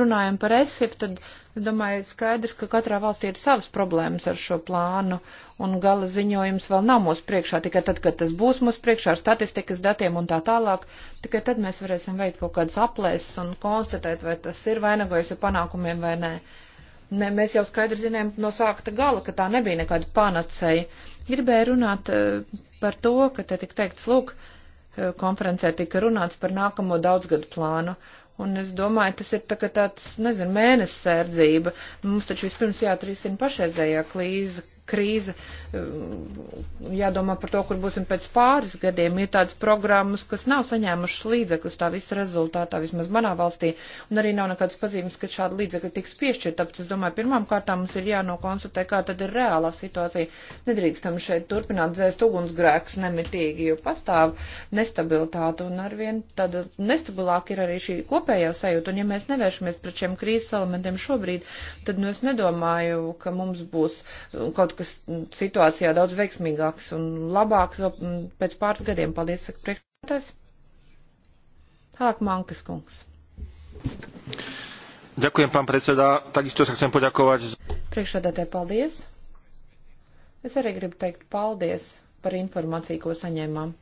runājam par ESIP, tad, es domāju, skaidrs, ka katrā valstī ir savas problēmas ar šo plānu, un gala ziņojums vēl nav mūsu priekšā, tikai tad, kad tas būs mūsu priekšā ar statistikas datiem un tā tālāk, tikai tad mēs varēsim veikt kaut kādas aplēses un konstatēt, vai tas ir vainagojas ar panākumiem vai nē. Uh, Ne, mēs jau skaidri zinām no sākta gala, ka tā nebija nekāda panacēja. Gribēju runāt eh, par to, ka te tik teikts, lūk, eh, konferencē tika runāts par nākamo daudzgadu plānu. Un es domāju, tas ir tā, tāds, nezinu, mēnesis sērdzība. Mums taču vispirms jāatrisina pašreizējā krīze, krīze, um, jādomā par to, kur būsim pēc pāris gadiem. Ir tādas programmas, kas nav saņēmušas līdzekļus tā visa rezultātā, vismaz manā valstī, un arī nav nekādas pazīmes, ka šāda līdzekļa tiks piešķirta. Tāpēc es domāju, pirmām kārtām mums ir jānokonstatē, kā tad ir reālā situācija. Nedrīkstam šeit turpināt dzēst ugunsgrēkus nemitīgi, jo pastāv nestabilitāte un arvien tāda nestabilāk ir arī šī kopējā sajūta. Un ja mēs nevēršamies pret šiem krīzes elementiem šobrīd, tad nu es nedomāju, ka mums būs kaut kas mm, situācijā daudz veiksmīgāks un labāks vēl mm, pēc pāris gadiem. Paldies, saka priekšsēdētājs. Tālāk Mankas kungs. Ďakujem, pán predsedā. Takisto sa chcem poďakovať. Priekšsēdētāji, paldies. Es arī gribu teikt paldies par informāciju, ko saņēmām.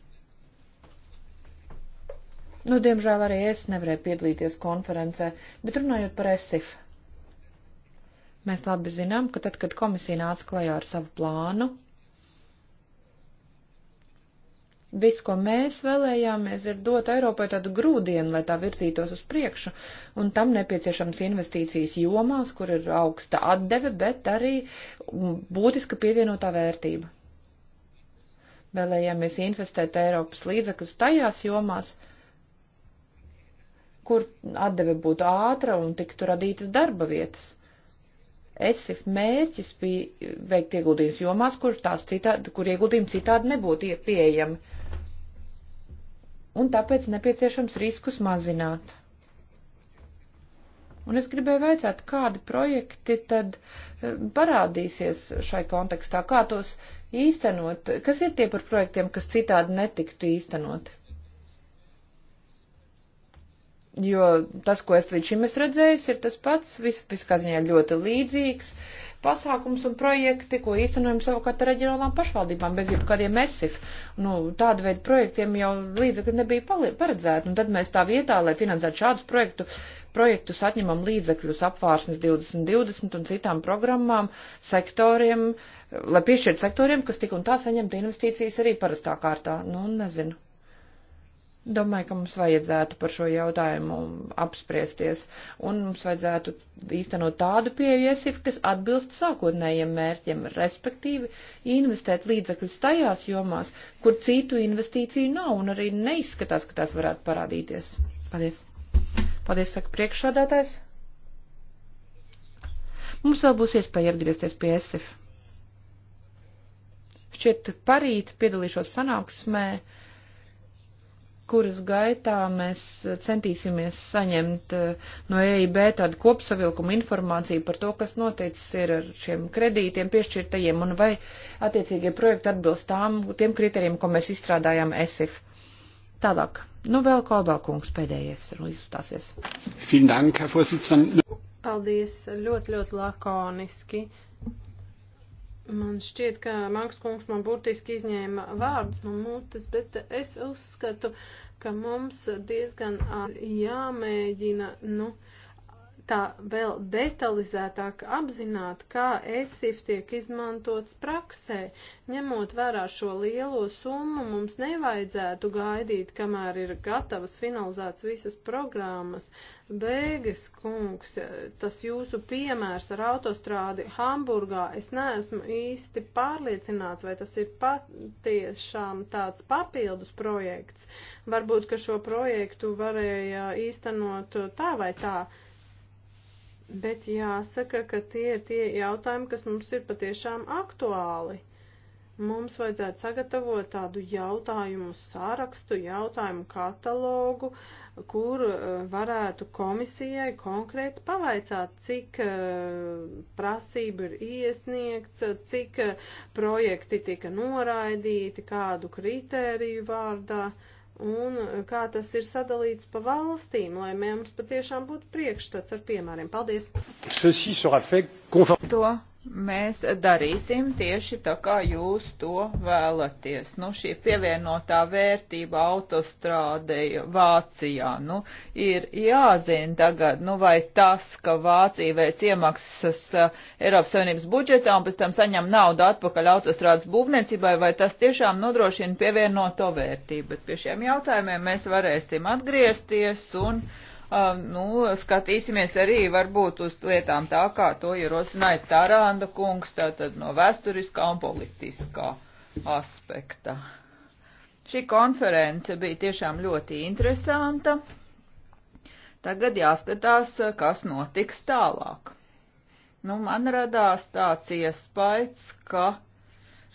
Nu, diemžēl arī es nevarēju piedalīties konferencē, bet runājot par ESIF. Mēs labi zinām, ka tad, kad komisija nāca klajā ar savu plānu, viss, ko mēs vēlējāmies, ir dot Eiropai tādu grūdienu, lai tā virzītos uz priekšu, un tam nepieciešams investīcijas jomās, kur ir augsta atdeve, bet arī būtiska pievienotā vērtība. Vēlējāmies investēt Eiropas līdzekļus tajās jomās, kur atdeve būtu ātra un tiktu radītas darba vietas ESIF mērķis bija veikt ieguldījums jomās, kur, citādi, kur ieguldījumi citādi nebūtu pieejami. Un tāpēc nepieciešams riskus mazināt. Un es gribēju vaicāt, kādi projekti tad eh, parādīsies šai kontekstā, kā tos īstenot, kas ir tie par projektiem, kas citādi netiktu īstenoti. Jo tas, ko es līdz šim esmu redzējis, ir tas pats, vispār ziņā ļoti līdzīgs pasākums un projekti, ko īstenojam savukārt ar reģionālām pašvaldībām bez jebkādiem esif. Nu, tāda veida projektiem jau līdzekļi nebija paredzēti, un tad mēs tā vietā, lai finansētu šādus projektu, projektus, atņemam līdzekļus apvārsnes 2020 un citām programmām, sektoriem, lai piešķirtu sektoriem, kas tik un tā saņemtu investīcijas arī parastā kārtā. Nu, nezinu. Domāju, ka mums vajadzētu par šo jautājumu apspriesties, un mums vajadzētu īstenot tādu pieeju iesif, kas atbilst sākotnējiem mērķiem, respektīvi investēt līdzekļus tajās jomās, kur citu investīciju nav un arī neizskatās, ka tās varētu parādīties. Paldies. Paldies, saka priekšsādātājs. Mums vēl būs iespēja atgriezties pie esif. Šķiet, parīt piedalīšos sanāksmē kuras gaitā mēs centīsimies saņemt eh, no EIB tādu kopsavilkumu informāciju par to, kas noticis ir ar šiem kredītiem piešķirtajiem un vai attiecīgie projekti atbilst tām, tiem kriterijiem, ko mēs izstrādājām ESIF. Tālāk. Nu, vēl Kolbalkungs pēdējais ir izstāsies. Paldies, ļoti, ļoti lakoniski. Man šķiet, ka Māks kungs man burtiski izņēma vārdus no mutes, bet es uzskatu, ka mums diezgan jāmēģina, nu, uh, tā vēl detalizētāk apzināt, kā ESIF tiek izmantots praksē. Ņemot vērā šo lielo summu, mums nevajadzētu gaidīt, kamēr ir gatavas finalizēts visas programmas. Bēgas kungs, tas jūsu piemērs ar autostrādi Hamburgā, es neesmu īsti pārliecināts, vai tas ir patiešām tāds papildus projekts. Varbūt, ka šo projektu varēja īstenot tā vai tā. Bet jāsaka, ka tie ir tie jautājumi, kas mums ir patiešām aktuāli. Mums vajadzētu sagatavot tādu jautājumu sārakstu, jautājumu katalogu, kur eh, varētu komisijai konkrēti pavaicāt, cik eh, prasību ir iesniegts, cik eh, projekti tika noraidīti, kādu kritēriju vārdā. Uh, un kā tas ir sadalīts pa valstīm, lai mums patiešām būtu priekšstats ar piemēriem. Paldies! To mēs darīsim tieši tā, kā jūs to vēlaties. Nu, šī pievienotā vērtība autostrādei Vācijā, nu, ir jāzina tagad, nu, vai tas, ka Vācija veic iemaksas uh, Eiropas Savienības budžetā un pēc tam saņem naudu atpakaļ autostrādes būvniecībai, vai tas tiešām nodrošina pievienoto vērtību. Bet pie šiem jautājumiem mēs varēsim atgriezties un. Uh, Um, nu, skatīsimies arī varbūt uz lietām tā, kā to ierosināja Taranda kungs, tātad no vēsturiskā un politiskā aspekta. Šī konference bija tiešām ļoti interesanta. Tagad jāskatās, kas notiks tālāk. Nu, man radās tāds iespējas, ka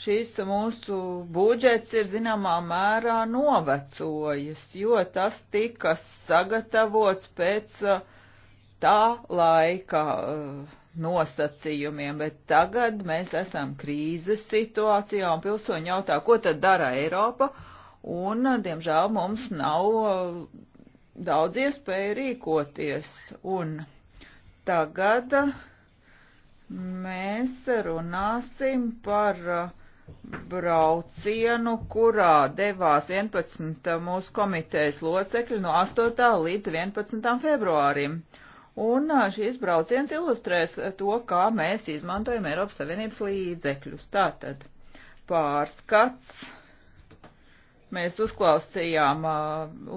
šīs mūsu budžets ir zināmā mērā novecojis, jo tas tika sagatavots pēc uh, tā laika uh, nosacījumiem, bet tagad mēs esam krīzes situācijā un pilsoņi jautā, ko tad dara Eiropa, un, uh, diemžēl, mums nav daudz iespēju rīkoties. Un tagad mēs runāsim par uh, braucienu, kurā devās 11 mūsu komitejas locekļi no 8. līdz 11. februārim. Un šis brauciens ilustrēs to, kā mēs izmantojam Eiropas Savienības līdzekļus. Tātad pārskats. Mēs uzklausījām,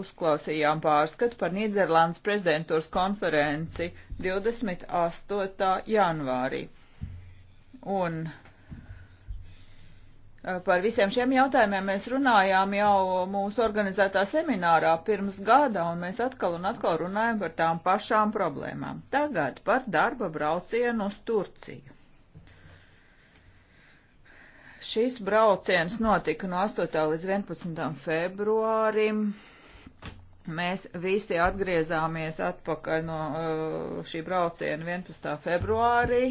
uzklausījām pārskatu par Nīderlandes prezidentūras konferenci 28. janvārī. Un Eh, par visiem šiem jautājumiem mēs runājām jau mūsu organizētā seminārā pirms gada, un mēs atkal un atkal runājam par tām pašām problēmām. Tagad par darba braucienu uz Turciju. Šis brauciens notika no 8. līdz 11. februārim. Mēs visi atgriezāmies atpakaļ no eh, šī brauciena 11. februārī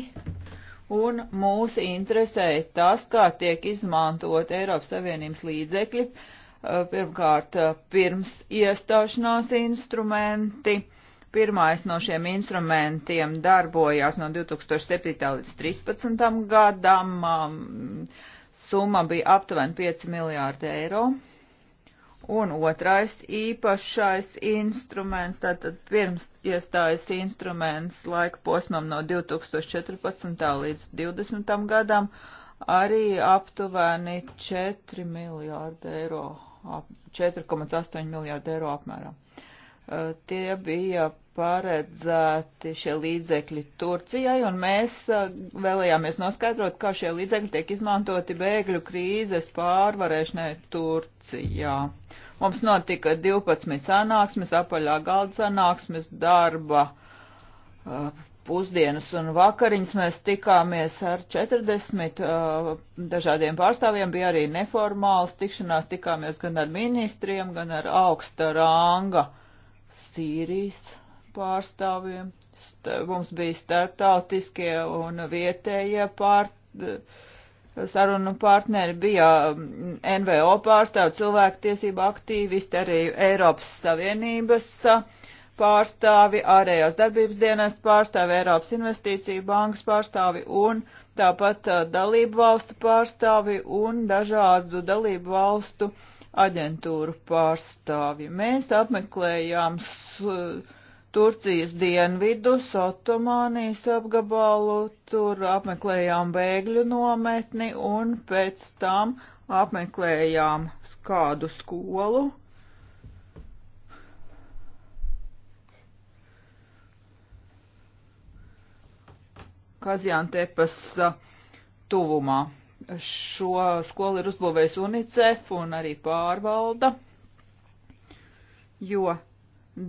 un mūs interesē tas, kā tiek izmantot Eiropas Savienības līdzekļi, uh, pirmkārt uh, pirms iestāšanās instrumenti. Pirmais no šiem instrumentiem darbojās no 2007. līdz 2013. gadam. Um, summa bija aptuveni 5 miljārdi eiro. Un otrais īpašais instruments, tātad pirms iestājas instruments laika posmam no 2014. līdz 2020. gadam, arī aptuveni 4 miljārdi eiro, 4,8 miljārdi eiro apmērā. Tie bija paredzēti šie līdzekļi Turcijai, un mēs uh, vēlējāmies noskaidrot, kā šie līdzekļi tiek izmantoti bēgļu krīzes pārvarēšanai Turcijā. Mums notika 12 sanāksmes, apaļā galda sanāksmes, darba uh, pusdienas un vakariņas. Mēs tikāmies ar 40 uh, dažādiem pārstāvjiem, bija arī neformāls tikšanās, tikāmies gan ar ministriem, gan ar augsta ranga Sīrijas pārstāvjiem. Mums bija starptautiskie un vietējie pār, sarunu partneri, bija mm, NVO pārstāvji, cilvēktiesība aktīvisti, arī Eiropas Savienības pārstāvi, ārējās darbības dienas pārstāvi, Eiropas investīcija bankas pārstāvi un tāpat dalību valstu pārstāvi un dažādu dalību valstu aģentūru pārstāvi. Mēs apmeklējām uh, Turcijas dienvidus, Otomānijas apgabalu, tur apmeklējām bēgļu nometni un pēc tam apmeklējām kādu skolu. Kazjantepas tuvumā. Šo skolu ir uzbūvējis UNICEF un arī pārvalda, jo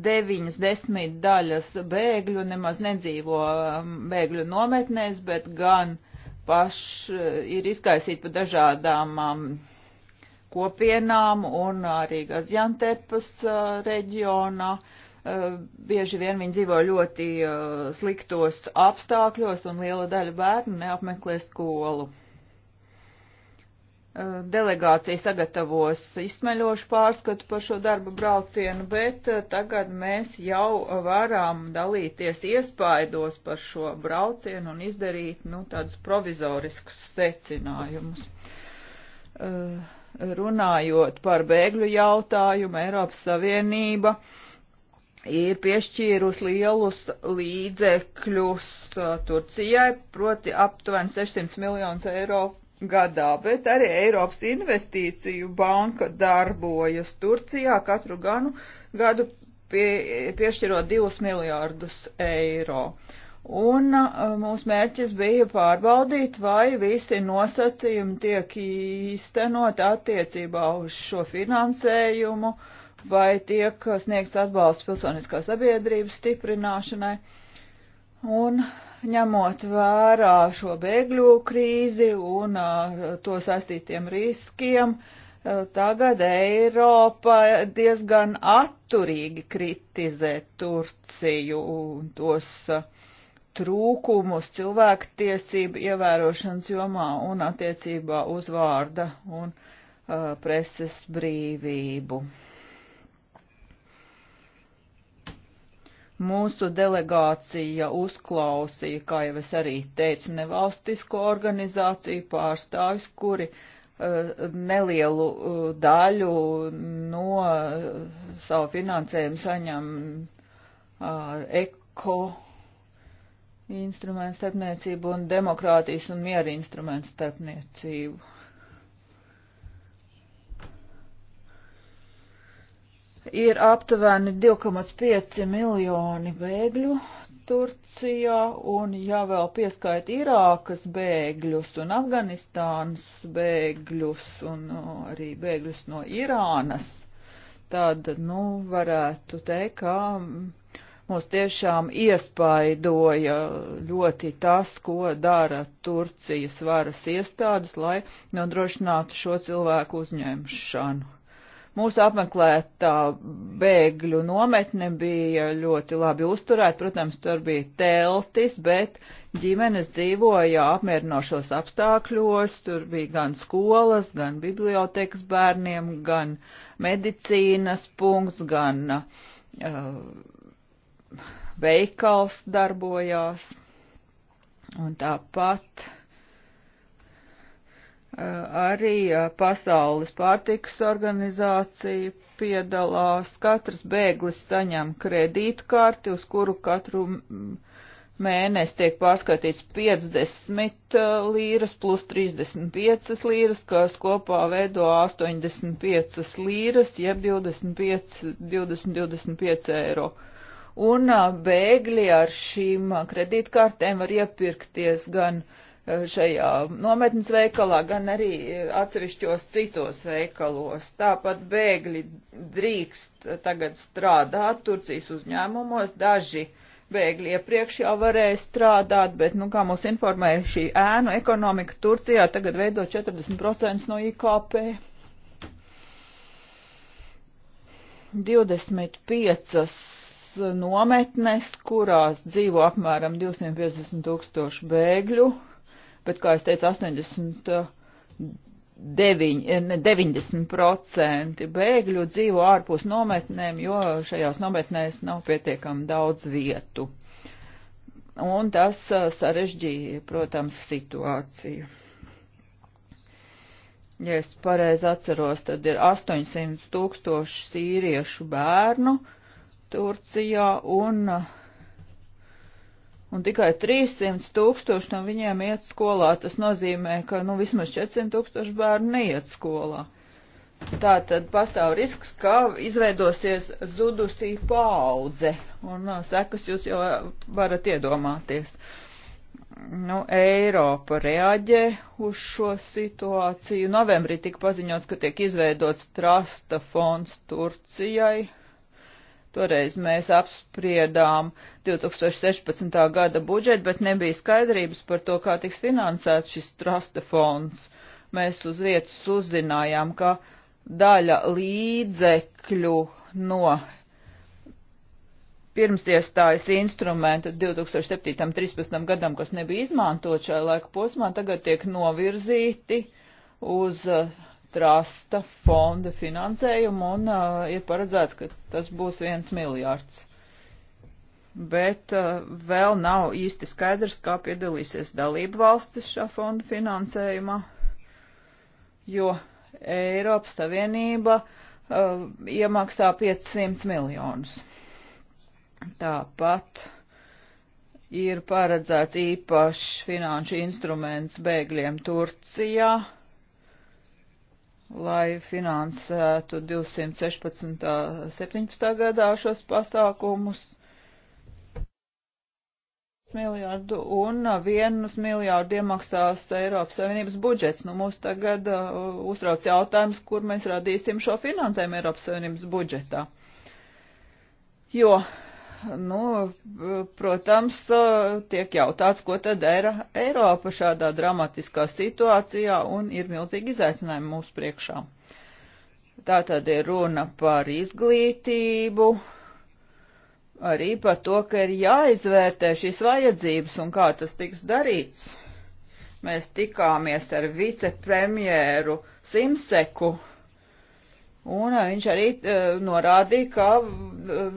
deviņas desmit daļas bēgļu nemaz nedzīvo um, bēgļu nometnēs, bet gan paši uh, ir izkaisīti pa dažādām um, kopienām un arī Gaziantepas uh, reģionā. Uh, bieži vien viņi dzīvo ļoti uh, sliktos apstākļos un liela daļa bērnu neapmeklē skolu. Eh, delegācija sagatavos izsmeļošu pārskatu par šo darbu braucienu, bet eh, tagad mēs jau varam dalīties iespaidos par šo braucienu un izdarīt nu, tādus provizoriskus secinājumus. Eh, runājot par bēgļu jautājumu, Eiropas Savienība ir piešķīrus lielus līdzekļus Turcijai, proti aptuveni 600 miljonus eiro gadā, bet arī Eiropas investīciju banka darbojas Turcijā katru ganu, gadu pie, piešķirot 2 miljārdus eiro. Un uh, mūsu mērķis bija pārbaudīt, vai visi nosacījumi tiek īstenot attiecībā uz šo finansējumu, vai tiek sniegts atbalsts pilsoniskā sabiedrības stiprināšanai. Un uh, ņemot vērā šo bēgļu krīzi un to saistītiem riskiem, tagad Eiropa diezgan atturīgi kritizē Turciju un tos trūkumus cilvēktiesību ievērošanas jomā un attiecībā uz vārda un uh, preses brīvību. Mūsu delegācija uzklausīja, kā jau es arī teicu, nevalstisko organizāciju pārstāvis, kuri eh, nelielu eh, daļu no eh, savu finansējumu saņem ar eko instrumentu starpniecību un demokrātijas un miera instrumentu starpniecību. ir aptuveni 2,5 miljoni bēgļu Turcijā, un ja vēl pieskait Irākas bēgļus un Afganistānas bēgļus un nu, arī bēgļus no Irānas, tad, nu, varētu teikt, ka mūs tiešām iespaidoja ļoti tas, ko dara Turcijas varas iestādes, lai nodrošinātu šo cilvēku uzņemšanu. Mūsu apmeklētā bēgļu nometne bija ļoti labi uzturēta, protams, tur bija teltis, bet ģimenes dzīvoja apmierinošos apstākļos, tur bija gan skolas, gan bibliotekas bērniem, gan medicīnas punkts, gan uh, veikals darbojās. Un tāpat arī Pasaules pārtikas organizācija piedalās. Katrs bēglis saņem kredītkarti, uz kuru katru mm, mēnesi tiek pārskaitīts 50 līras plus 35 līras, kas kopā veido 85 līras, jeb 25, 20, 25 eiro. Un bēgļi ar šīm kredītkartēm var iepirkties gan uh, Eh, šajā nometnes veikalā, gan arī eh, atsevišķos citos veikalos. Tāpat bēgļi drīkst tagad strādāt Turcijas uzņēmumos. Daži bēgļi iepriekš jau varēja strādāt, bet, nu, kā mūs informēja, šī ēnu ekonomika Turcijā tagad veido 40% no IKP. 25 nometnes, kurās dzīvo apmēram 250 tūkstoši bēgļu, bet, kā es teicu, 80. 9, 90% bēgļu dzīvo ārpus nometnēm, jo šajās nometnēs nav pietiekami daudz vietu. Un tas eh, sarežģīja, protams, situāciju. Ja es pareizi atceros, tad ir 800 tūkstoši sīriešu bērnu Turcijā un eh, un tikai 300 tūkstoši no viņiem iet skolā. Tas nozīmē, ka nu, vismaz 400 tūkstoši bērnu neiet skolā. Tā tad pastāv risks, ka izveidosies zudusī paudze, un no, uh, sekas jūs jau uh, varat iedomāties. Nu, Eiropa reaģē uz šo situāciju. Novembrī tika paziņots, ka tiek izveidots trasta fonds Turcijai Toreiz mēs apspriedām 2016. gada budžetu, bet nebija skaidrības par to, kā tiks finansēts šis trusta fonds. Mēs uz vietas uzzinājām, ka daļa līdzekļu no pirmstiestājas instrumenta 2007.13. gadam, kas nebija izmantot šajā laika posmā, tagad tiek novirzīti uz uh, trasta fonda finansējumu un uh, ir paredzēts, ka tas būs viens miljārds. Bet uh, vēl nav īsti skaidrs, kā piedalīsies dalību valstis šā fonda finansējumā, jo Eiropas Savienība uh, iemaksā 500 miljonus. Tāpat ir paredzēts īpašs finanšu instruments bēgļiem Turcijā lai finansētu 216. 17. gadā šos pasākumus miljārdu un vienus miljārdu iemaksās Eiropas Savienības budžets. Nu, mūs tagad uh, uztrauc jautājums, kur mēs radīsim šo finansējumu Eiropas Savienības budžetā. Jo nu, protams, eh, tiek jautāts, ko tad dara Eiropa šādā dramatiskā situācijā un ir milzīgi izaicinājumi mūsu priekšā. Tā tad ir runa par izglītību, arī par to, ka ir jāizvērtē šīs vajadzības un kā tas tiks darīts. Mēs tikāmies ar vicepremjēru Simseku Un viņš arī norādīja, ka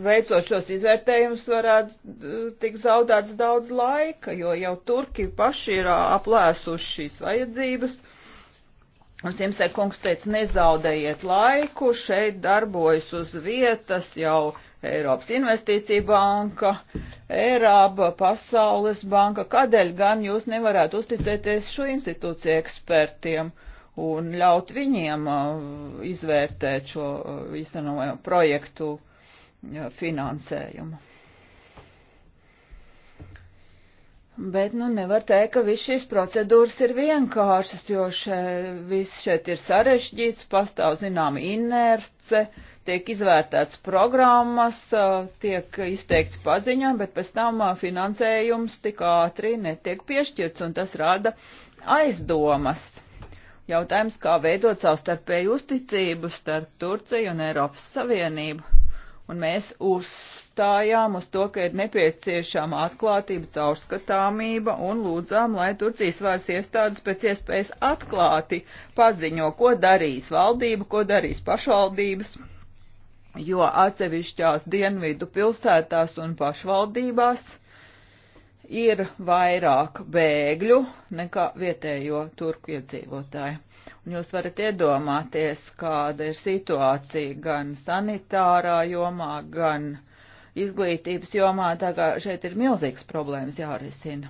veicot šos izvērtējumus varētu tik zaudēts daudz laika, jo jau turki paši ir aplēsuši šīs vajadzības. Un Simsē kungs teica, nezaudējiet laiku, šeit darbojas uz vietas jau Eiropas investīcija banka, Eirāba, Pasaules banka, kādēļ gan jūs nevarētu uzticēties šo institūciju ekspertiem? Uh, un ļaut viņiem uh, izvērtēt šo uh, īstenojumu projektu uh, finansējumu. Bet, nu, nevar teikt, ka viss šīs procedūras ir vienkāršas, jo še, viss šeit ir sarežģīts, pastāv zinām inerce, tiek izvērtēts programmas, tiek izteikti paziņojumi, bet pēc tam finansējums tik ātri netiek piešķirts, un tas rada aizdomas jautājums, kā veidot savstarpēju uzticību starp Turciju un Eiropas Savienību. Un mēs uzstājām uz to, ka ir nepieciešama atklātība, caurskatāmība un lūdzām, lai Turcijas varas iestādes pēc iespējas atklāti paziņo, ko darīs valdība, ko darīs pašvaldības, jo atsevišķās dienvidu pilsētās un pašvaldībās ir vairāk bēgļu nekā vietējo turku iedzīvotāju. Un jūs varat iedomāties, kāda ir situācija gan sanitārā jomā, gan izglītības jomā, tā kā šeit ir milzīgs problēmas jārisina.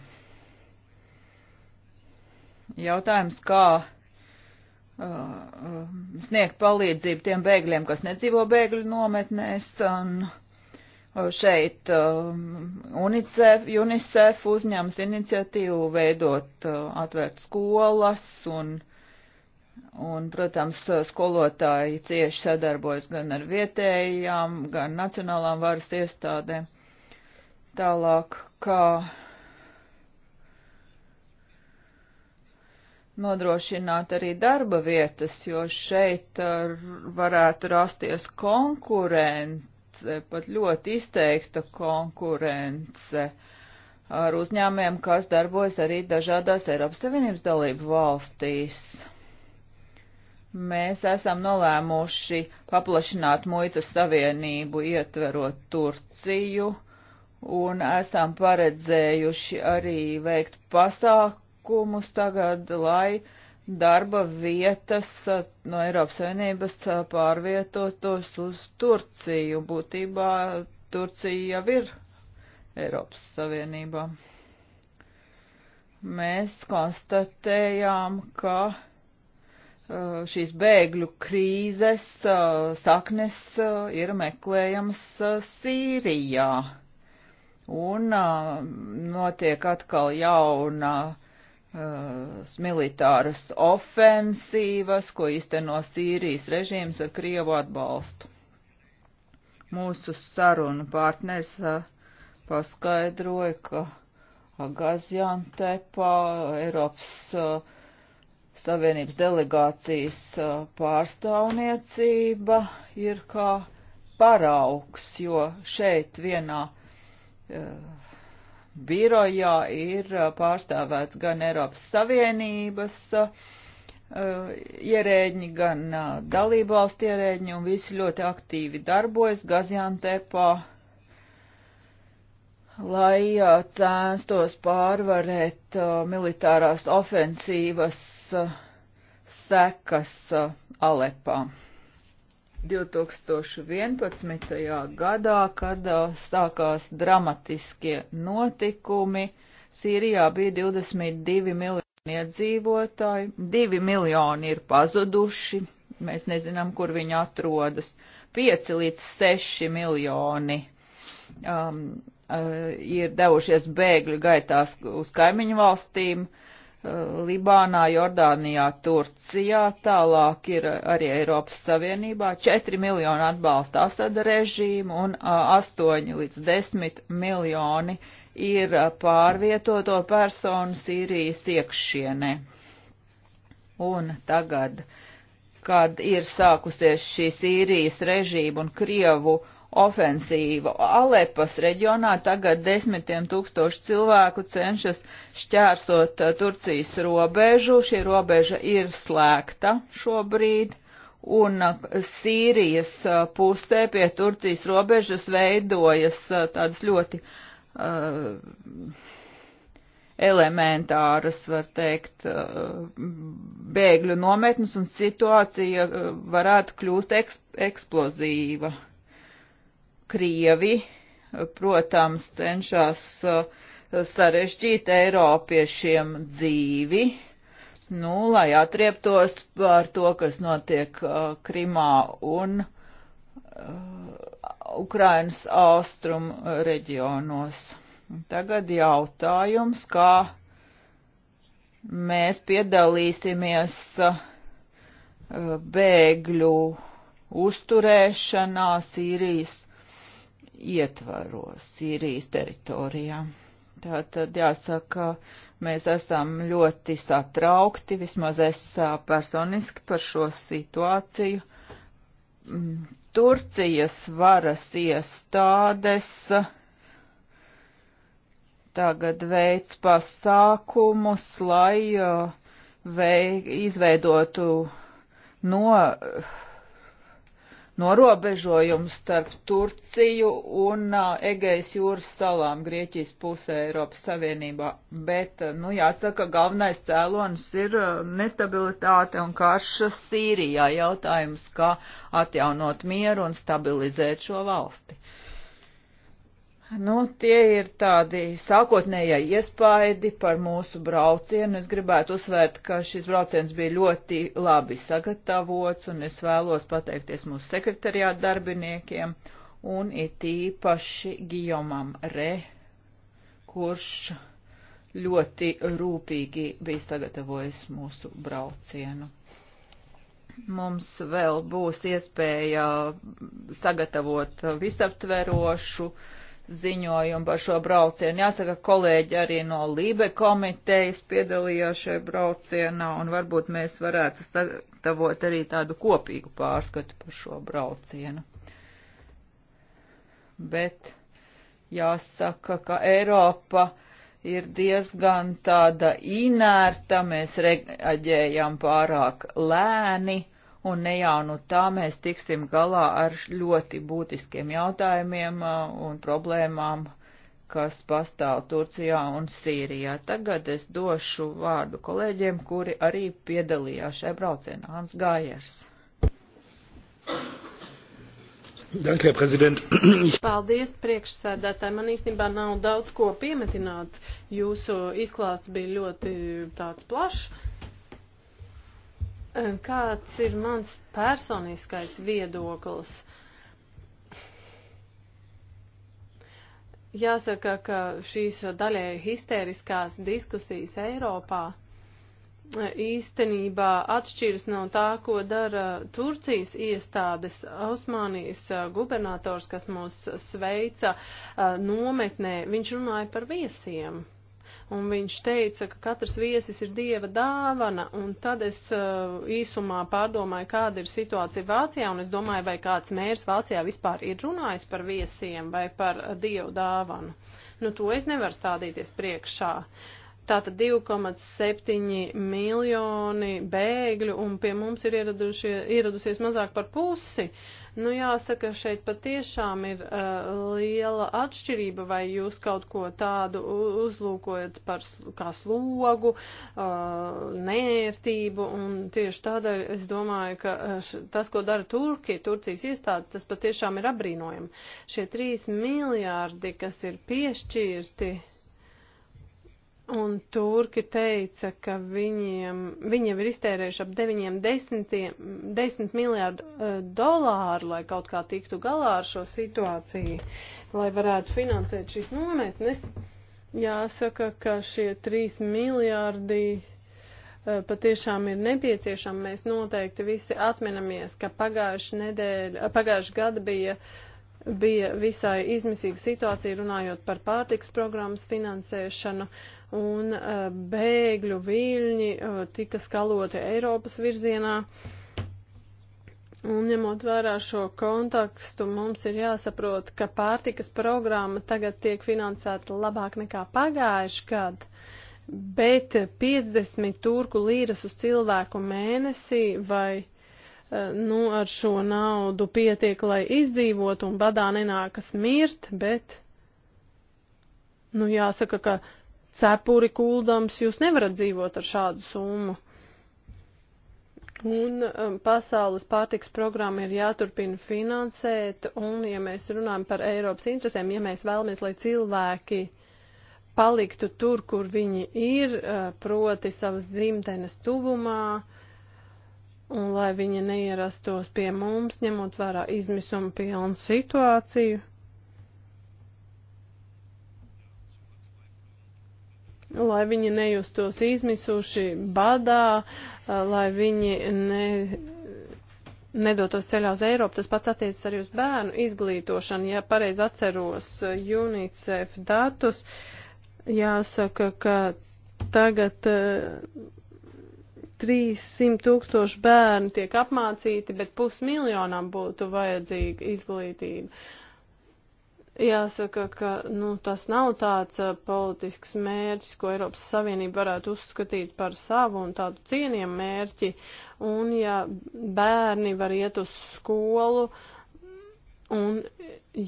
Jautājums, kā uh, uh sniegt palīdzību tiem bēgļiem, kas nedzīvo bēgļu nometnēs, un uh, Uh, šeit um, UNICEF, UNICEF uzņems iniciatīvu veidot uh, atvērt skolas un, un, protams, uh, skolotāji cieši sadarbojas gan ar vietējām, gan nacionālām varas iestādēm. Tālāk, kā nodrošināt arī darba vietas, jo šeit varētu rasties konkurenti Eh, pat ļoti izteikta konkurence ar uzņēmiem, kas darbojas arī dažādās Eiropas Savienības dalību valstīs. Mēs esam nolēmuši paplašināt muitas savienību, ietverot Turciju, un esam paredzējuši arī veikt pasākumus tagad, lai uh, darba vietas no Eiropas Savienības pārvietotos uz Turciju. Būtībā Turcija jau ir Eiropas Savienībā. Mēs konstatējām, ka šīs bēgļu krīzes saknes ir meklējamas Sīrijā. Un notiek atkal jauna Uh, militāras ofensīvas, ko izteno Sīrijas režīms ar Krievu atbalstu. Mūsu sarunu partners uh, paskaidroja, ka Gazjantepā Eiropas uh, Savienības delegācijas uh, pārstāvniecība ir kā paraugs, jo šeit vienā uh, birojā ir uh, pārstāvēts gan Eiropas Savienības uh, ierēģi, gan uh, dalībvalstu ierēģi, un visi ļoti aktīvi darbojas Gaziantepā, lai censtos pārvarēt militārās ofensīvas sekas Alepā. 2011. gadā, kad sākās dramatiskie notikumi, Sīrijā bija 22 miljoni iedzīvotāji, 2 miljoni ir pazuduši, mēs nezinām, kur viņi atrodas, 5 līdz 6 miljoni um, uh, ir devušies bēgļu gaitās uz kaimiņu valstīm, uh, Libānā, Jordānijā, Turcijā, tālāk ir arī Eiropas Savienībā 4 miljoni atbalsta Asada režīmu un 8 līdz 10 miljoni ir pārvietoto personu Sīrijas iekšienē. Un tagad, kad ir sākusies šī Sīrijas režīma un Krievu uh, ofensīvu. Alepas reģionā tagad desmitiem tūkstoši cilvēku cenšas šķērsot uh, Turcijas robežu. Šī robeža ir slēgta šobrīd. Un uh, Sīrijas uh, pusē pie Turcijas robežas veidojas tādas ļoti uh, elementāras, var teikt, bēgļu nometnes un situācija varētu kļūst eks eksplozīva. Krievi, protams, cenšas eh, sarežģīt Eiropiešiem dzīvi, nu, lai atrieptos par to, kas notiek eh, Krimā un eh, Ukrainas austrum reģionos. Tagad jautājums, kā mēs piedalīsimies bēgļu uzturēšanā Sīrijas ietvaros Sīrijas teritorijā. Tātad jāsaka, mēs esam ļoti satraukti, vismaz es personiski par šo situāciju. Mm, Turcijas varas iestādes tagad veids pasākumus, lai vei, izveidotu no norobežojumu starp Turciju un Egejas jūras salām Grieķijas pusē Eiropas Savienībā. Bet, nu, jāsaka, galvenais cēlonis ir nestabilitāte un karša Sīrijā jautājums, kā atjaunot mieru un stabilizēt šo valsti. Nu, tie ir tādi sākotnējai iespaidi par mūsu braucienu. Es gribētu uzsvērt, ka šis brauciens bija ļoti labi sagatavots, un es vēlos pateikties mūsu sekretariāta darbiniekiem, un it īpaši Gijomam Re, kurš ļoti rūpīgi bija sagatavojis mūsu braucienu. Mums vēl būs iespēja sagatavot visaptverošu, uh, ziņojumu par šo braucienu. Jāsaka, kolēģi arī no Lībe komitejas piedalījās šajā braucienā, un varbūt mēs varētu sagatavot arī tādu kopīgu pārskatu par šo braucienu. Bet jāsaka, ka Eiropa ir diezgan tāda inerta, mēs reaģējam pārāk lēni un ne jau nu tā mēs tiksim galā ar ļoti būtiskiem jautājumiem uh, un problēmām, kas pastāv Turcijā un Sīrijā. Tagad es došu vārdu kolēģiem, kuri arī piedalījās šajā braucienā. Hans Gājers. Danke, Herr Präsident. Paldies, priekšsēdētāji. Man īstenībā nav daudz ko piemetināt. Jūsu izklāsts bija ļoti tāds plašs Kāds ir mans personiskais viedoklis? Jāsaka, ka šīs daļai histēriskās diskusijas Eiropā īstenībā atšķiras no tā, ko dara Turcijas iestādes. Osmanijas eh, gubernators, kas mūs sveica eh, nometnē, viņš runāja par viesiem un viņš teica, ka katrs viesis ir dieva dāvana, un tad es uh, īsumā pārdomāju, kāda ir situācija Vācijā, un es domāju, vai kāds mērs Vācijā vispār ir runājis par viesiem vai par uh, dievu dāvanu. Nu, to es nevaru stādīties priekšā. Tātad 2,7 miljoni bēgļu, un pie mums ir ieradušies mazāk par pusi. Uh, Nu, jāsaka, šeit patiešām ir uh, liela atšķirība, vai jūs kaut ko tādu uzlūkojat par kā slogu, uh, nērtību, un tieši tādēļ es domāju, ka uh, š, tas, ko dara Turki, Turcijas iestādes, tas patiešām ir apbrīnojami. Šie trīs miljārdi, kas ir piešķirti, Un turki teica, ka viņiem, viņiem ir iztērējuši ap 9-10 miljārdu uh, dolāru, lai kaut kā tiktu galā ar šo situāciju, lai varētu finansēt šīs nometnes. Jāsaka, ka šie 3 miljārdi uh, patiešām ir nepieciešami. Mēs noteikti visi atminamies, ka pagājuši, nedēļ, e, pagājuši gada bija bija visai izmisīga situācija runājot par pārtiks programmas finansēšanu. Uh, un uh, bēgļu viļņi uh, tika skaloti Eiropas virzienā. Un ņemot vērā šo kontekstu, mums ir jāsaprot, ka pārtikas programma tagad tiek finansēta labāk nekā pagājuši gadu, bet 50 turku līras uz cilvēku mēnesī vai eh, nu, ar šo naudu pietiek, lai izdzīvot un badā nenākas mirt, bet, nu, jāsaka, ka cepuri kuldams, jūs nevarat dzīvot ar šādu summu. Un um, pasaules pārtiks programma ir jāturpina finansēt, un ja mēs runājam par Eiropas interesēm, ja mēs vēlamies, lai cilvēki paliktu tur, kur viņi ir, uh, proti savas dzimtenes tuvumā, un lai viņi neierastos pie mums, ņemot vērā izmisuma pilnu situāciju. lai viņi nejustos izmisuši badā, eh, lai viņi ne, nedotos ceļā uz Eiropu. Tas pats attiecas arī uz bērnu izglītošanu. Ja pareizi atceros eh, UNICEF datus, jāsaka, ka tagad. 300 eh, tūkstoši bērni tiek apmācīti, bet pusmiljonam būtu vajadzīga izglītība. Uh, Jāsaka, ka nu, tas nav tāds politisks mērķis, ko Eiropas Savienība varētu uzskatīt par savu un tādu cieniem mērķi. Un ja bērni var iet uz skolu, un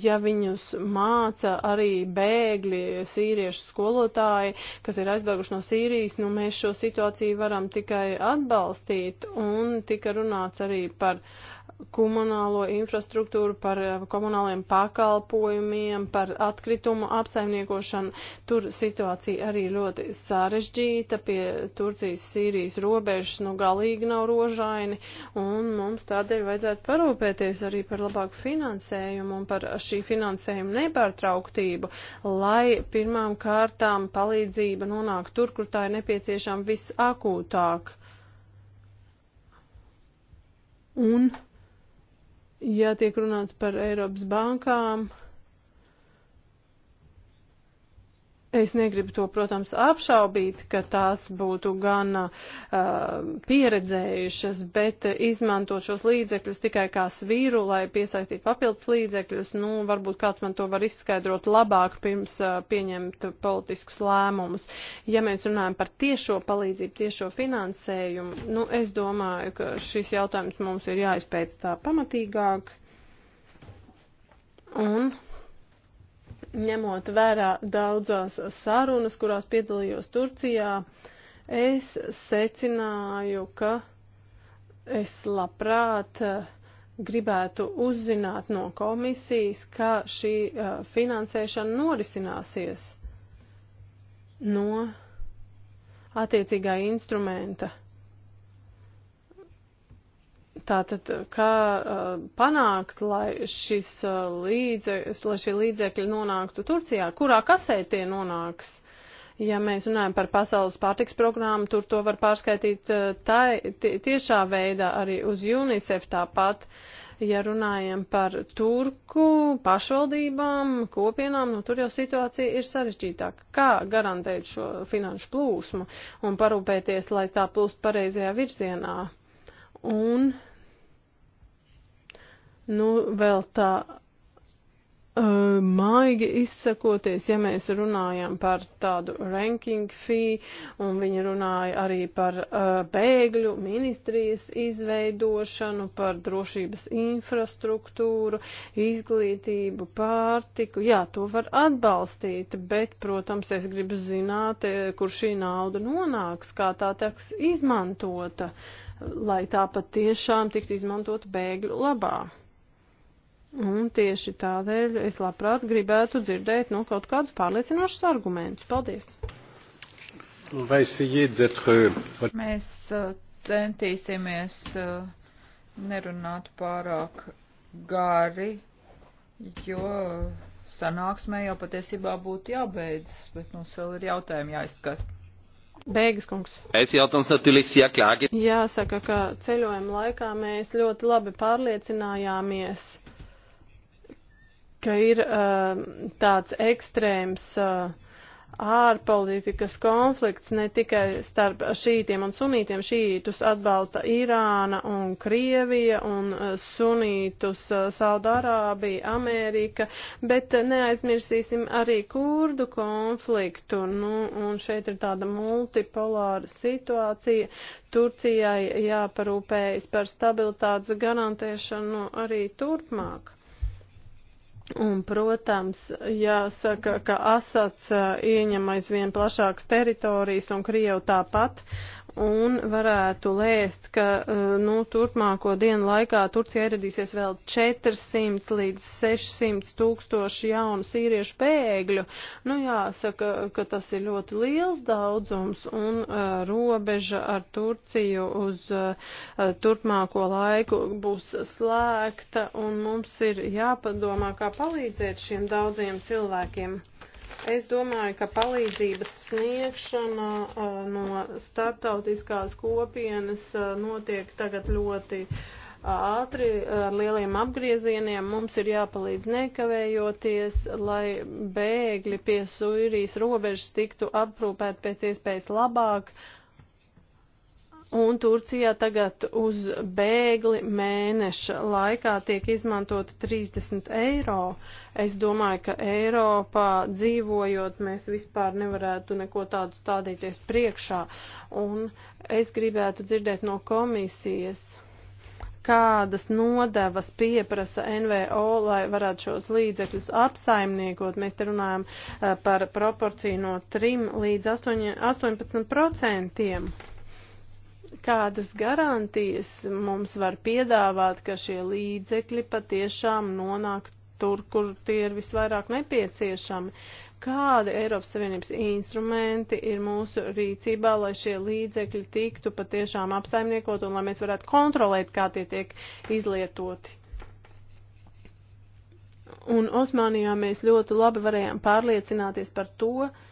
ja viņus māca arī bēgļi, sīriešu skolotāji, kas ir aizbēguši no Sīrijas, nu mēs šo situāciju varam tikai atbalstīt. Un tika runāts arī par. Uh, komunālo infrastruktūru, par eh, komunāliem pakalpojumiem, par atkritumu apsaimniekošanu. Tur situācija arī ļoti sarežģīta pie Turcijas Sīrijas robežas, nu galīgi nav rožaini, un mums tādēļ vajadzētu parūpēties arī par labāku finansējumu un par šī finansējuma nepārtrauktību, lai pirmām kārtām palīdzība nonāk tur, kur tā ir nepieciešama visakūtāk. Un ja tiek runāts par Eiropas bankām, uh, Es negribu to, protams, apšaubīt, ka tās būtu gan uh, pieredzējušas, bet izmantot šos līdzekļus tikai kā svīru, lai piesaistītu papildus līdzekļus, nu, varbūt kāds man to var izskaidrot labāk pirms uh, pieņemt politiskus lēmumus. Ja mēs runājam par tiešo palīdzību, tiešo finansējumu, nu, es domāju, ka šis jautājums mums ir jāizpēc tā pamatīgāk. Un ņemot vērā daudzās sarunas, kurās piedalījos Turcijā, es secināju, ka es labprāt eh, gribētu uzzināt no komisijas, kā šī eh, finansēšana norisināsies no attiecīgā instrumenta. Tātad, kā uh, panākt, lai, šis, uh, līdze, lai šie līdzekļi nonāktu Turcijā, kurā kasē tie nonāks? Ja mēs runājam par pasaules pārtiks programmu, tur to var pārskaitīt uh, tai, tiešā veidā arī uz UNICEF tāpat. Ja runājam par Turku pašvaldībām, kopienām, nu tur jau situācija ir sarežģītāka. Kā garantēt šo finanšu plūsmu un parūpēties, lai tā plūst pareizajā virzienā? Un Nu, vēl tā maigi izsakoties, ja mēs runājam par tādu ranking fee, un viņi runāja arī par uh, bēgļu ministrijas izveidošanu, par drošības infrastruktūru, izglītību, pārtiku. Jā, to var atbalstīt, bet, protams, es gribu zināt, kur šī nauda nonāks, kā tā tiks izmantota, lai tā pat tiešām tiktu izmantota bēgļu labā. Un tieši tādēļ es labprāt gribētu dzirdēt no nu, kaut kādus pārliecinošus argumentus. Paldies! Euh, mēs uh, centīsimies uh, nerunāt pārāk gari, jo sanāksmē jau patiesībā būtu jābeidzas, bet mums vēl ir jautājumi jāizskata. Beigas kungs. Es jautājums natürlich sehr klar. Jāsaka, ka ceļojuma laikā mēs ļoti labi pārliecinājāmies ka ir uh, tāds ekstrēms uh, ārpolitikas konflikts ne tikai starp šītiem un sunītiem. Šītus atbalsta Irāna un Krievija un uh, sunītus uh, Saudārābija, Amerika, bet neaizmirsīsim arī kurdu konfliktu. Nu, un šeit ir tāda multipolāra situācija. Turcijai jāparūpējas par stabilitātes garantēšanu arī turpmāk. Un, protams, jāsaka, ka Asats ieņem aizvien plašākas teritorijas un Krievu tāpat, un varētu lēst, ka uh, nu, turpmāko dienu laikā Turcija ieradīsies vēl 400 līdz 600 tūkstoši jaunu sīriešu bēgļu. Nu, jāsaka, ka tas ir ļoti liels daudzums un uh, robeža ar Turciju uz uh, uh turpmāko laiku būs slēgta un mums ir jāpadomā, kā palīdzēt šiem daudziem cilvēkiem. Es domāju, ka palīdzības sniegšana uh, no starptautiskās kopienas uh, notiek tagad ļoti uh, ātri, ar lieliem apgriezieniem. Mums ir jāpalīdz nekavējoties, lai bēgļi pie Sīrijas robežas tiktu aprūpēti pēc iespējas labāk. Uh, Un Turcijā tagad uz bēgli mēneša laikā tiek izmantota 30 eiro. Es domāju, ka Eiropā dzīvojot mēs vispār nevarētu neko tādu stādīties priekšā. Un es gribētu dzirdēt no komisijas, kādas nodevas pieprasa NVO, lai varētu šos līdzekļus apsaimniekot. Mēs te runājam eh, par proporciju no 3 līdz 8, 18% kādas garantijas mums var piedāvāt, ka šie līdzekļi patiešām nonāk tur, kur tie ir visvairāk nepieciešami. Kādi Eiropas Savienības instrumenti ir mūsu rīcībā, lai šie līdzekļi tiktu patiešām apsaimniekot un lai mēs varētu kontrolēt, kā tie tiek izlietoti? Un Osmanijā mēs ļoti labi varējām pārliecināties par to, uh,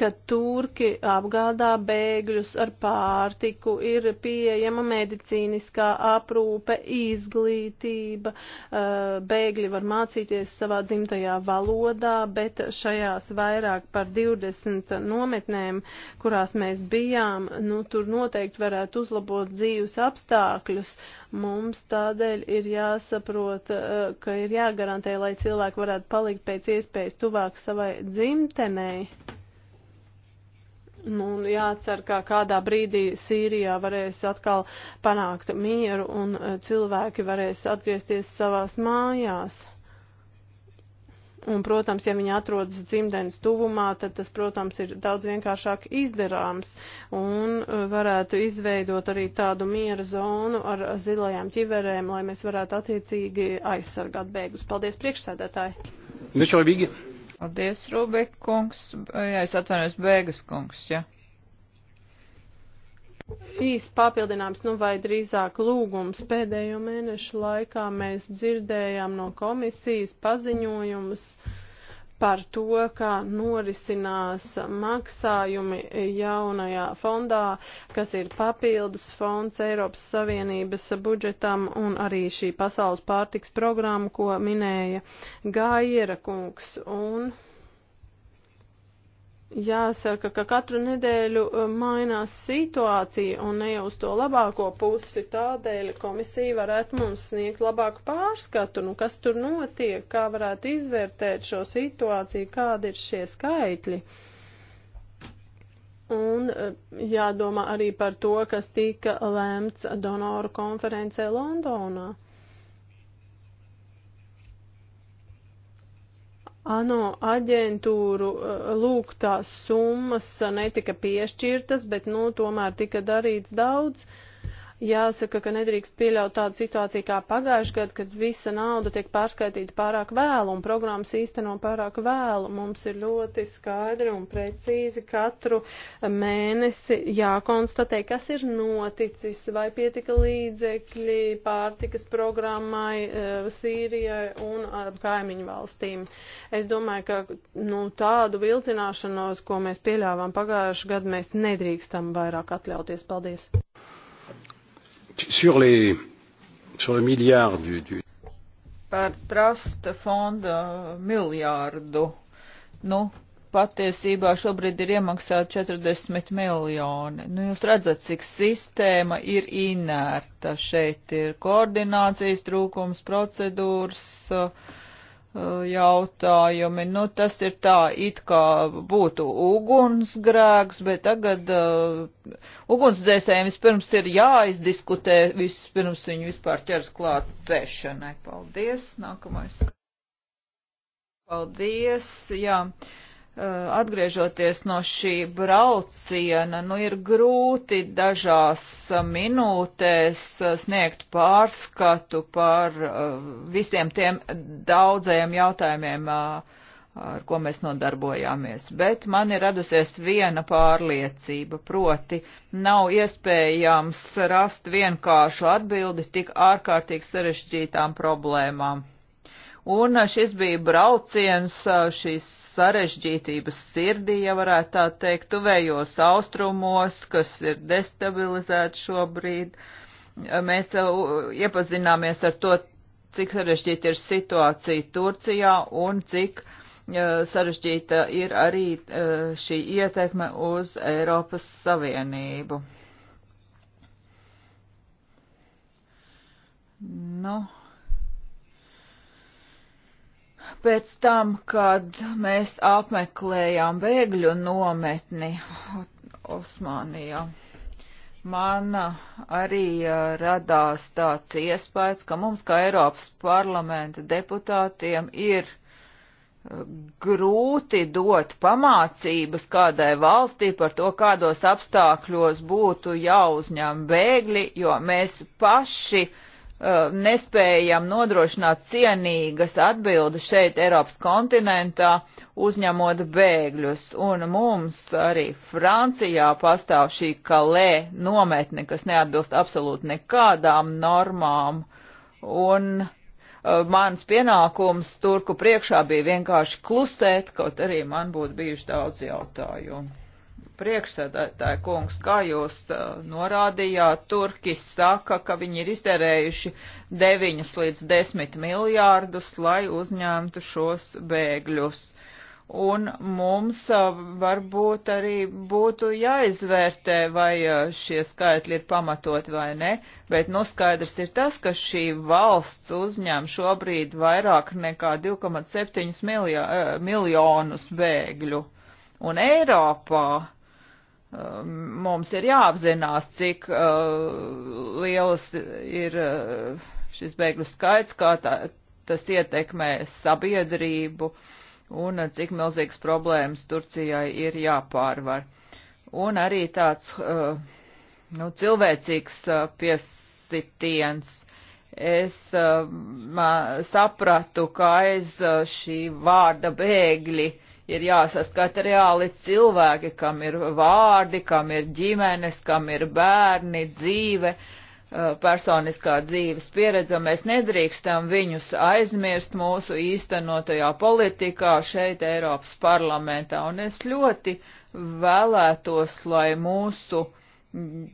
ka turki apgādā bēgļus ar pārtiku, ir pieejama medicīniskā aprūpe, izglītība, bēgļi var mācīties savā dzimtajā valodā, bet šajās vairāk par 20 nometnēm, kurās mēs bijām, nu, tur noteikti varētu uzlabot dzīves apstākļus. Mums tādēļ ir jāsaprot, ka ir jāgarantē, lai cilvēki varētu palikt pēc iespējas tuvāk savai dzimtenei. Nu, un jācer, ka kādā brīdī Sīrijā varēs atkal panākt mieru un e, cilvēki varēs atgriezties savās mājās. Un, protams, ja viņi atrodas dzimtenes tuvumā, tad tas, protams, ir daudz vienkāršāk izdarāms un e, varētu izveidot arī tādu miera zonu ar zilajām ķiverēm, lai mēs varētu attiecīgi aizsargāt bēgus. Paldies, priekšsēdētāji! Mišo Vīgi! Paldies, Rūbek kungs. Jā, es atvainojos, Bēgas kungs, jā. Ja. Īsts papildinājums, nu vai drīzāk lūgums. Pēdējo mēnešu laikā mēs dzirdējām no komisijas paziņojumus. Uh, par to, kā norisinās maksājumi jaunajā fondā, kas ir papildus fonds Eiropas Savienības budžetam un arī šī pasaules pārtiks programma, ko minēja Gaiera kungs. Un Jāsaka, ka katru nedēļu e, mainās situācija un ne uz to labāko pusi, tādēļ komisija varētu mums sniegt labāku pārskatu, nu kas tur notiek, kā varētu izvērtēt šo situāciju, kādi ir šie skaitļi. Un e, jādomā arī par to, kas tika lēmts donoru konferencē Londonā. ANO aģentūru eh, lūgtās summas netika piešķirtas, bet, nu, tomēr tika darīts daudz. Uh, Jāsaka, ka nedrīkst pieļaut tādu situāciju kā pagājuši gadu, kad visa nauda tiek pārskaitīta pārāk vēlu un programmas īsteno pārāk vēlu. Mums ir ļoti skaidri un precīzi katru mēnesi jākonstatē, kas ir noticis, vai pietika līdzekļi pārtikas programmai e, Sīrijai un kaimiņu valstīm. Es domāju, ka nu, tādu vilcināšanos, ko mēs pieļāvām pagājuši gadu, mēs nedrīkstam vairāk atļauties. Paldies! Sur, les, sur le milliard du, du... Par trasta fonda uh, miljārdu. Nu, patiesībā šobrīd ir iemaksāti 40 miljoni. Nu, jūs redzat, cik sistēma ir inerta. Šeit ir koordinācijas trūkums, procedūras. Uh, jautājumi. Nu, tas ir tā, it kā būtu ugunsgrēks, bet tagad uh, ugunsdzēsējiem vispirms ir jāizdiskutē, vispirms viņi vispār ķers klāt dzēšanai. Paldies, nākamais. Paldies, jā. Uh, Eh, atgriežoties no šī brauciena, nu ir grūti dažās eh, minūtēs eh, sniegt pārskatu par visiem tiem daudzajiem jautājumiem, ar ko mēs nodarbojāmies. Bet man ir radusies viena pārliecība, proti nav iespējams rast vienkāršu atbildi tik ārkārtīgi sarežģītām problēmām Un eh, šis bija brauciens eh, šīs sarežģītības sirdī, ja varētu tā teikt, tuvējos austrumos, kas ir destabilizēti šobrīd. Eh, mēs iepazināmies ar to, cik sarežģīta ir situācija Turcijā un cik sarežģīta ir arī šī ietekme uz Eiropas Savienību. Nu. No Pēc tam, kad mēs apmeklējām bēgļu nometni Osmānijā, man arī radās tāds iespējas, ka mums, kā Eiropas parlamenta deputātiem, ir grūti dot pamācības kādai valstī par to, kādos apstākļos būtu jāuzņem bēgļi, jo mēs paši uh, Uh, nespējam nodrošināt cienīgas atbildes šeit Eiropas kontinentā, uzņemot bēgļus. Un mums arī Francijā pastāv šī kalē nometne, kas neatbilst absolūti nekādām normām. Un uh, mans pienākums turku priekšā bija vienkārši klusēt, kaut arī man būtu bijuši daudz jautājumu. Priekšsēdētāji kungs, kā jūs uh, norādījāt, Turki saka, ka viņi ir iztērējuši 9 līdz 10 miljārdus, lai uzņemtu šos bēgļus. Un mums uh, varbūt arī būtu jāizvērtē, vai uh, šie skaitļi ir pamatot vai ne, bet nu skaidrs ir tas, ka šī valsts uzņem šobrīd vairāk nekā 2,7 miljonus bēgļu. Un Eiropā Um, mums ir jāapzinās, cik uh, liels ir uh, šis bēgļu skaits, kā tā, tas ietekmē sabiedrību un uh, cik milzīgas problēmas Turcijai ir jāpārvar. Un arī tāds uh, nu, cilvēcīgs uh, piesitiens. Es uh, mā, sapratu, ka aiz uh, šī vārda bēgļi uh, ir jāsaskat reāli cilvēki, kam ir vārdi, kam ir ģimenes, kam ir bērni, dzīve, uh, personiskā dzīves pieredze. Mēs nedrīkstam viņus aizmirst mūsu īstenotajā politikā šeit Eiropas parlamentā. Un es ļoti vēlētos, lai mūsu uh,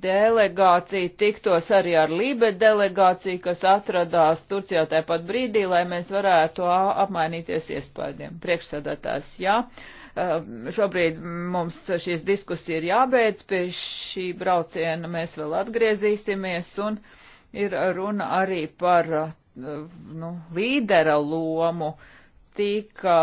delegācija tiktos arī ar Lībe delegāciju, kas atradās Turcijā tāpat brīdī, lai mēs varētu apmainīties iespējām. Priekšsēdētājs, jā. Um, šobrīd mums šīs diskusija ir jābeidz, pie šī brauciena mēs vēl atgriezīsimies un ir runa arī par uh, nu, līdera lomu. Uh, tika,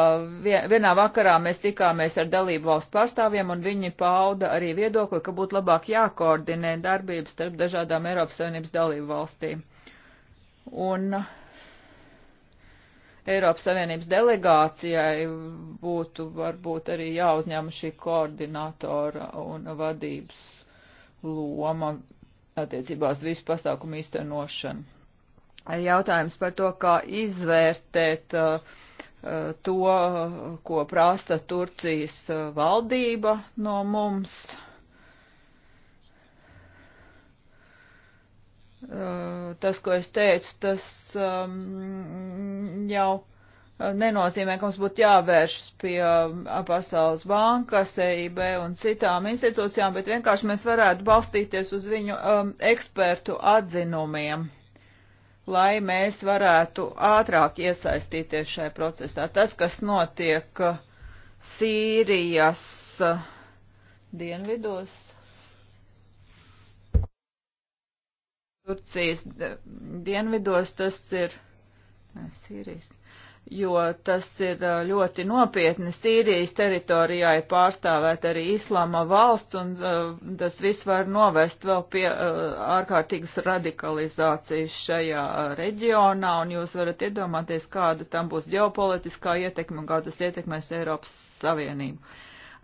vienā vakarā mēs tikāmies ar dalību valstu pārstāvjiem, un viņi pauda arī viedokli, ka būtu labāk jākoordinē darbības starp dažādām Eiropas Savienības dalību valstīm. Un Eiropas Savienības delegācijai būtu varbūt arī jāuzņem šī koordinātora un vadības loma attiecībās visu pasākumu īstenošanu. Jautājums par to, kā izvērtēt uh, Eh, to, eh, ko prasa Turcijas eh, valdība no mums. Tas, ko es teicu, tas ehm, jau nenozīmē, ka mums būtu jāvēršas pie Pasaules bankas, EIB un citām institūcijām, bet vienkārši mēs varētu balstīties uz viņu um, ekspertu atzinumiem lai mēs varētu ātrāk iesaistīties šajā procesā. Tas, kas notiek uh, Sīrijas uh, dienvidos, Turcijas dienvidos, tas ir Sīrijas jo tas ir ļoti nopietni Sīrijas teritorijai pārstāvēt arī islāma valsts, un uh, tas viss var novest vēl pie uh, ārkārtīgas radikalizācijas šajā reģionā, un jūs varat iedomāties, kāda tam būs ģeopolitiskā ietekme un kā tas ietekmēs Eiropas Savienību.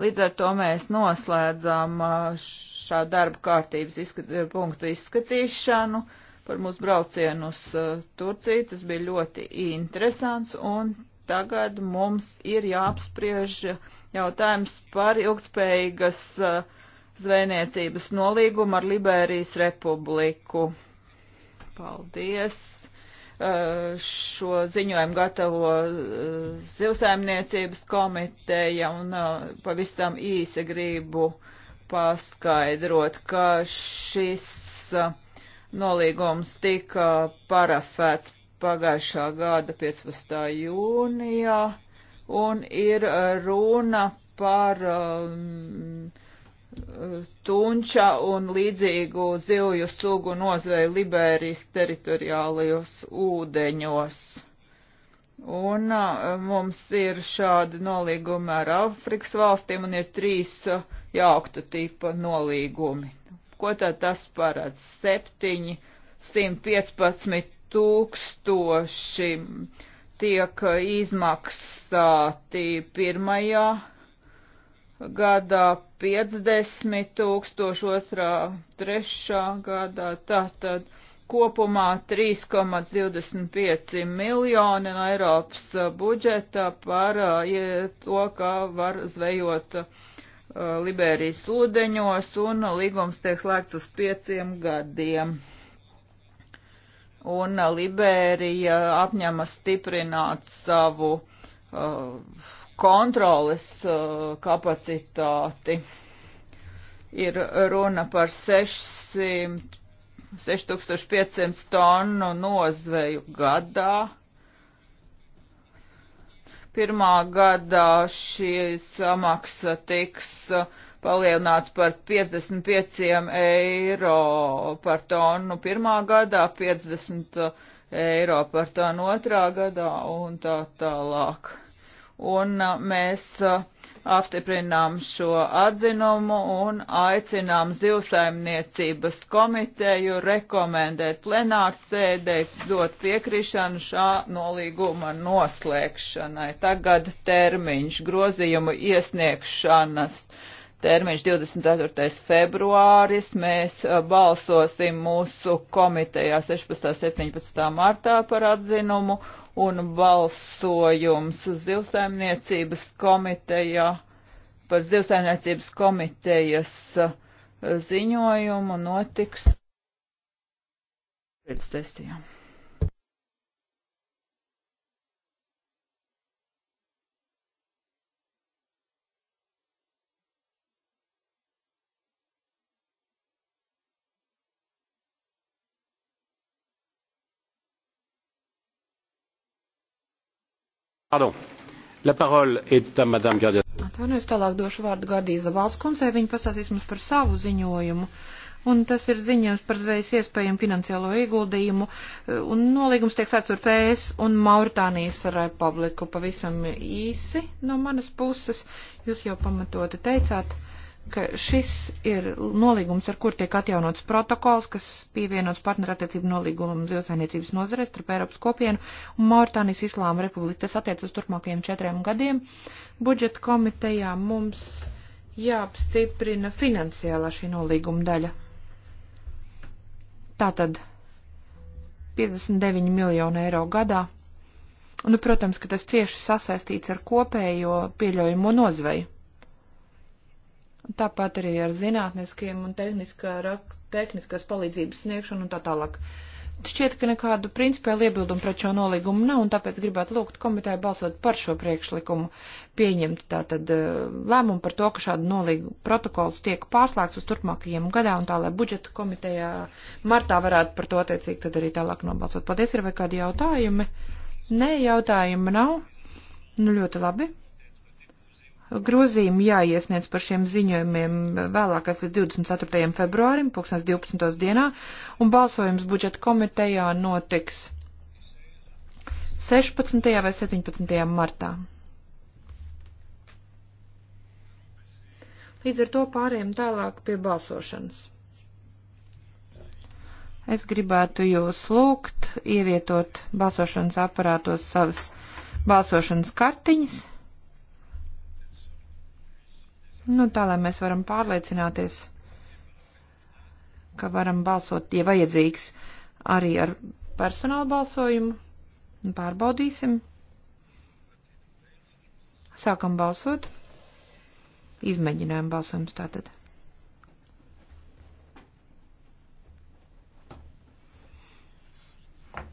Līdz ar to mēs noslēdzām uh, šā darba kārtības izskat punktu izskatīšanu. Uh, par mūsu braucienu uz eh, Turciju. Tas bija ļoti interesants un tagad mums ir jāapspriež jautājums par ilgspējīgas eh, zvejniecības nolīgumu ar Liberijas republiku. Paldies! Eh, šo ziņojumu gatavo zivsaimniecības komiteja un pavisam īsi gribu paskaidrot, ka šis uh, Nolīgums tika parafēts pagājušā gada 15. jūnijā un ir uh, runa par um, tunča un līdzīgu zivju sugu nozveju Liberijas teritoriālajos ūdeņos. Un uh, mums ir šādi nolīgumi ar Afrikas valstīm un ir trīs uh, jaukta tipa nolīgumi ko tad tas parāds? 715 tūkstoši tiek izmaksāti pirmajā gadā, 50 tūkstoši otrā, trešā gadā, tātad kopumā 3,25 miljoni no Eiropas budžeta par ja, eh, to, kā var zvejot uh, Eh, Liberijas ūdeņos un līgums tiek slēgts uz pieciem gadiem. Un Liberija apņemas stiprināt savu uh, kontroles uh, kapacitāti. Ir runa par 600, 6500 tonu nozveju gadā Pirmā gadā šī samaksa tiks uh, palielināts par 55 eiro par tonu pirmā gadā, 50 uh, eiro par tonu otrā gadā un tā tālāk un mēs apstiprinām šo atzinumu un aicinām zivsaimniecības komiteju rekomendēt plenārsēdē dot piekrišanu šā nolīguma noslēgšanai. Tagad termiņš grozījumu iesniegšanas termiņš 24. februāris. Mēs uh, balsosim mūsu komitejā 16. 17. martā par atzinumu un balsojums zivsaimniecības komitejā par zivsaimniecības komitejas uh, ziņojumu notiks pēc sesijām. Pardon. La parole est à Madame Gardia. Atvainojos tālāk došu vārdu Gardīza valsts kundzei. Viņa pastāstīs mums par savu ziņojumu. Un tas ir ziņojums par zvejas iespējumu finansiālo ieguldījumu. Un nolīgums tiek sēts ar PS un Mauritānijas republiku. Pavisam īsi no manas puses. Jūs jau pamatoti teicāt. Uh, ka šis ir nolīgums, ar kur tiek atjaunots protokols, kas pievienots partnerattiecību nolīgumam zivsainiecības nozarē starp Eiropas kopienu un Mauritānijas Islāma Republika. Tas attiec uz turpmākajiem četriem gadiem. Budžeta komitejā mums jāapstiprina finansiālā šī nolīguma daļa. Tātad 59 miljonu eiro gadā. Un, nu, protams, ka tas cieši sasaistīts ar kopējo pieļaujamo nozveju tāpat arī ar zinātniskiem un tehniskā, rak, tehniskās palīdzības sniegšanu un tā tālāk. Šķiet, ka nekādu principiālu iebildumu pret šo nolīgumu nav, un tāpēc gribētu lūgt komiteju balsot par šo priekšlikumu, pieņemt tātad eh, lēmumu par to, ka šādu nolīgu protokols tiek pārslēgts uz turpmākajiem gadā, un tā, lai budžeta komitejā martā varētu par to attiecīgi tad arī tālāk nobalsot. Paldies, ir vai kādi jautājumi? Nē, jautājumi nav. Nu, ļoti labi grozījumi jāiesniedz par šiem ziņojumiem vēlākais līdz 24. februārim, 2012. dienā, un balsojums budžeta komitejā notiks 16. vai 17. martā. Līdz ar to pārējiem tālāk pie balsošanas. Es gribētu jūs lūgt ievietot balsošanas aparātos savas balsošanas kartiņas. Nu, tā lai mēs varam pārliecināties, ka varam balsot, ja vajadzīgs, arī ar personālu balsojumu. Nu, pārbaudīsim. Sākam balsot. Izmēģinājumu balsojums tātad.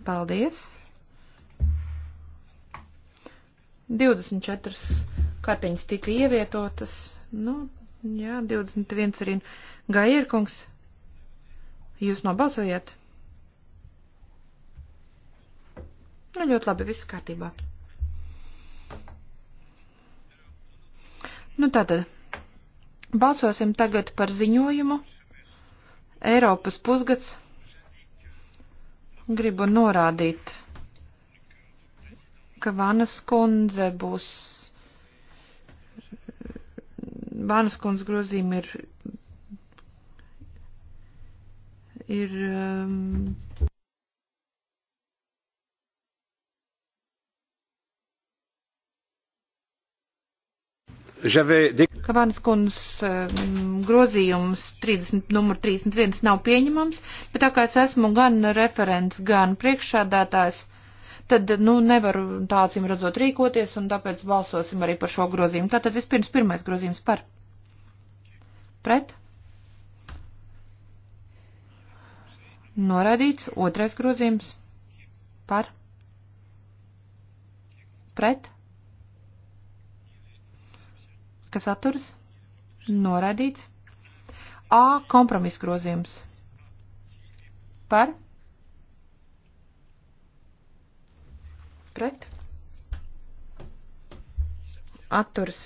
Paldies. 24 kartiņas tika ievietotas. Nu, jā, 21 arī Gairkungs. Jūs nobalsojiet? Nu, ļoti labi, viss kārtībā. Nu, tātad, balsosim tagad par ziņojumu. Eiropas pusgads. Gribu norādīt, ka Vanas kundze būs Vānas kundz grozījumi ir, ir um, Kavanas kundzes um, grozījums 30, numur 31 nav pieņemams, bet tā kā es esmu gan referents, gan priekšsādātājs, tad, nu, nevaru tā acīm redzot rīkoties, un tāpēc balsosim arī par šo grozījumu. Tātad vispirms pirmais grozījums par. Pret. Noraidīts otrais grozījums par. Pret. Kas atturas? Noraidīts. A kompromis grozījums. Par. pret, atturs,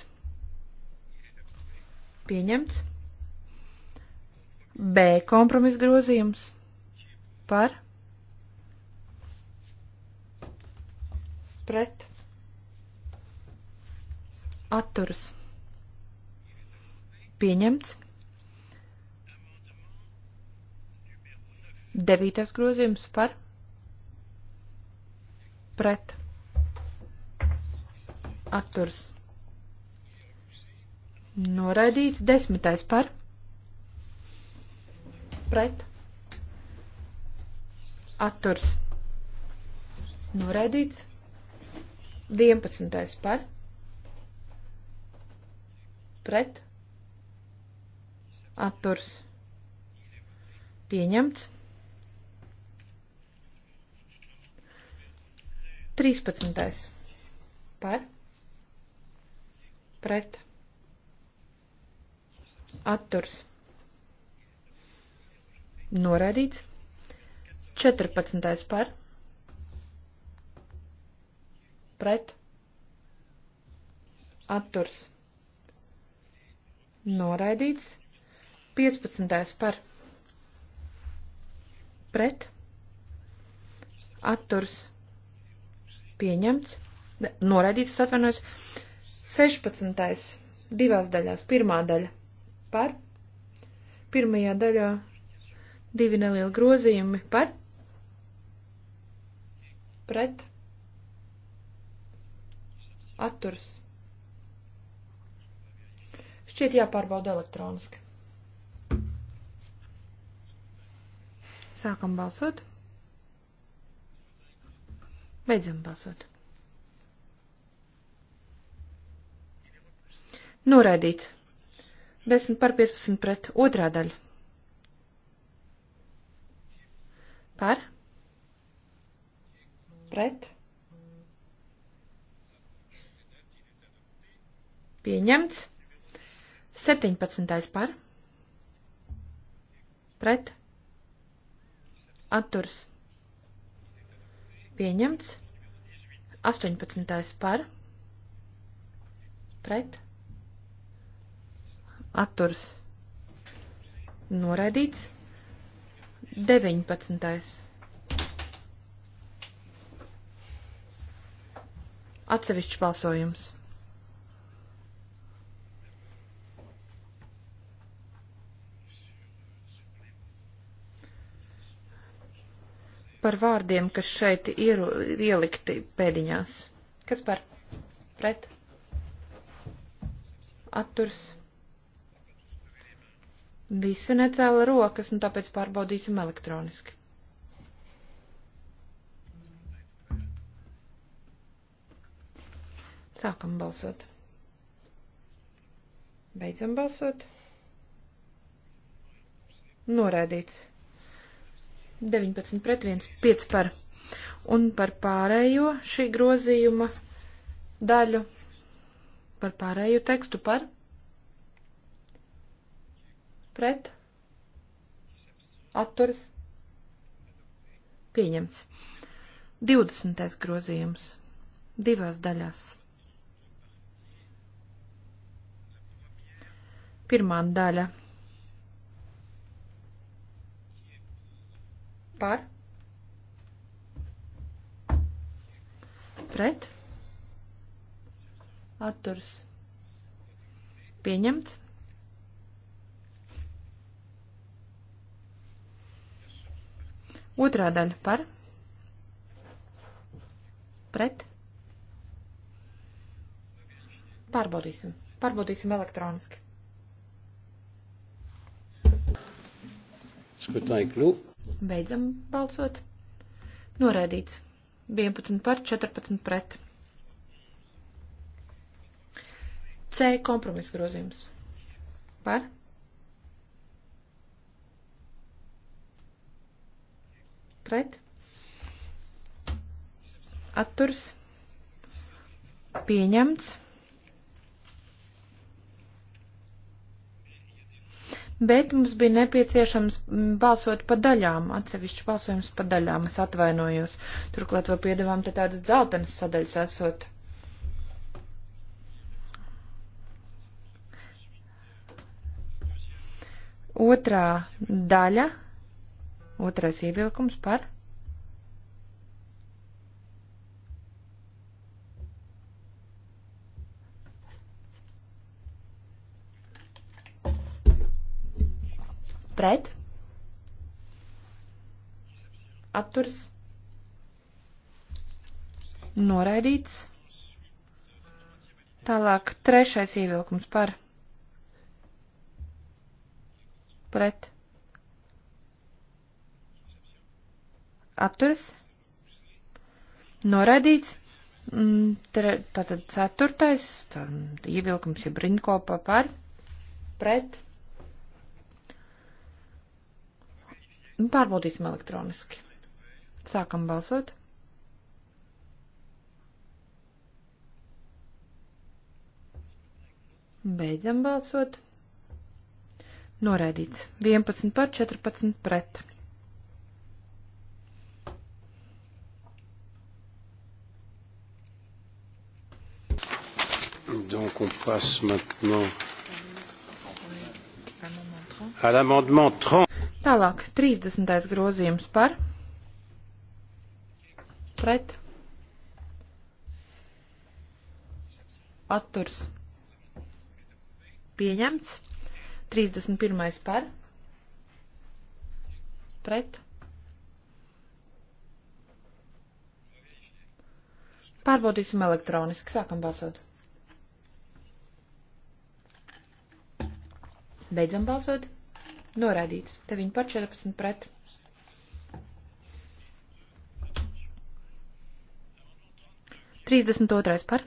pieņemts. B kompromis grozījums par, pret, atturs, pieņemts. Devītais grozījums par pret atturs noraidīts, desmitais par, pret, atturs noraidīts, vienpadsmitais par, pret, atturs pieņemts. 13. Par pret atturs noraidīts. 14. par pret atturs noraidīts. 15. par pret atturs pieņemts. Noraidīts, es atvainojos. 16. divās daļās. Pirmā daļa par. Pirmajā daļā divi nelieli grozījumi par. Pret. Atturs. Šķiet jāpārbauda elektroniski. Sākam balsot. Beidzam balsot. Noraidīts. 10 par 15 pret. Otrā daļa. Par. Pret. Pieņemts. 17. par. Pret. Atturs. Pieņemts. 18. par. Pret atturs noraidīts. 19. Atsevišķs balsojums. Par vārdiem, kas šeit ir ielikti pēdiņās. Kas par? Pret? Atturs? Visi necēla rokas, un tāpēc pārbaudīsim elektroniski. Sākam balsot. Beidzam balsot. Norēdīts. 19 pret 1, 5 par. Un par pārējo šī grozījuma daļu, par pārējo tekstu par pret, atturas, pieņemts. 20. grozījums divās daļās. Pirmā daļa par pret atturs pieņemts Otrā daļa par, pret, pārbaudīsim, pārbaudīsim elektroniski. Skatāju kļū. Beidzam balsot. Noraidīts. 11 par, 14 pret. C kompromisa grozījums. Par, pret, atturs, pieņemts. Bet mums bija nepieciešams balsot pa daļām, atsevišķi balsojums pa daļām, es atvainojos. Turklāt vēl piedevām te tādas dzeltenas sadaļas esot. Otrā daļa Otrais ievilkums par. Pret. Atturs. Noraidīts. Tālāk trešais ievilkums par. Pret atturas noraidīts. Mm, tātad ceturtais tā, ievilkums ir brindkopa par pret. Nu, pārbaudīsim elektroniski. Sākam balsot. Beidzam balsot. Noraidīts. 11 par 14 pret. Donc on passe maintenant à l'amendement 30. Tālāk, 30. grozījums par. Pret. Atturs. Pieņemts. 31. par. Pret. Pārbaudīsim elektroniski. Sākam balsot. Beidzam balsot. Norādīts. 9 par 14 pret. Trīsdesmit otrais par.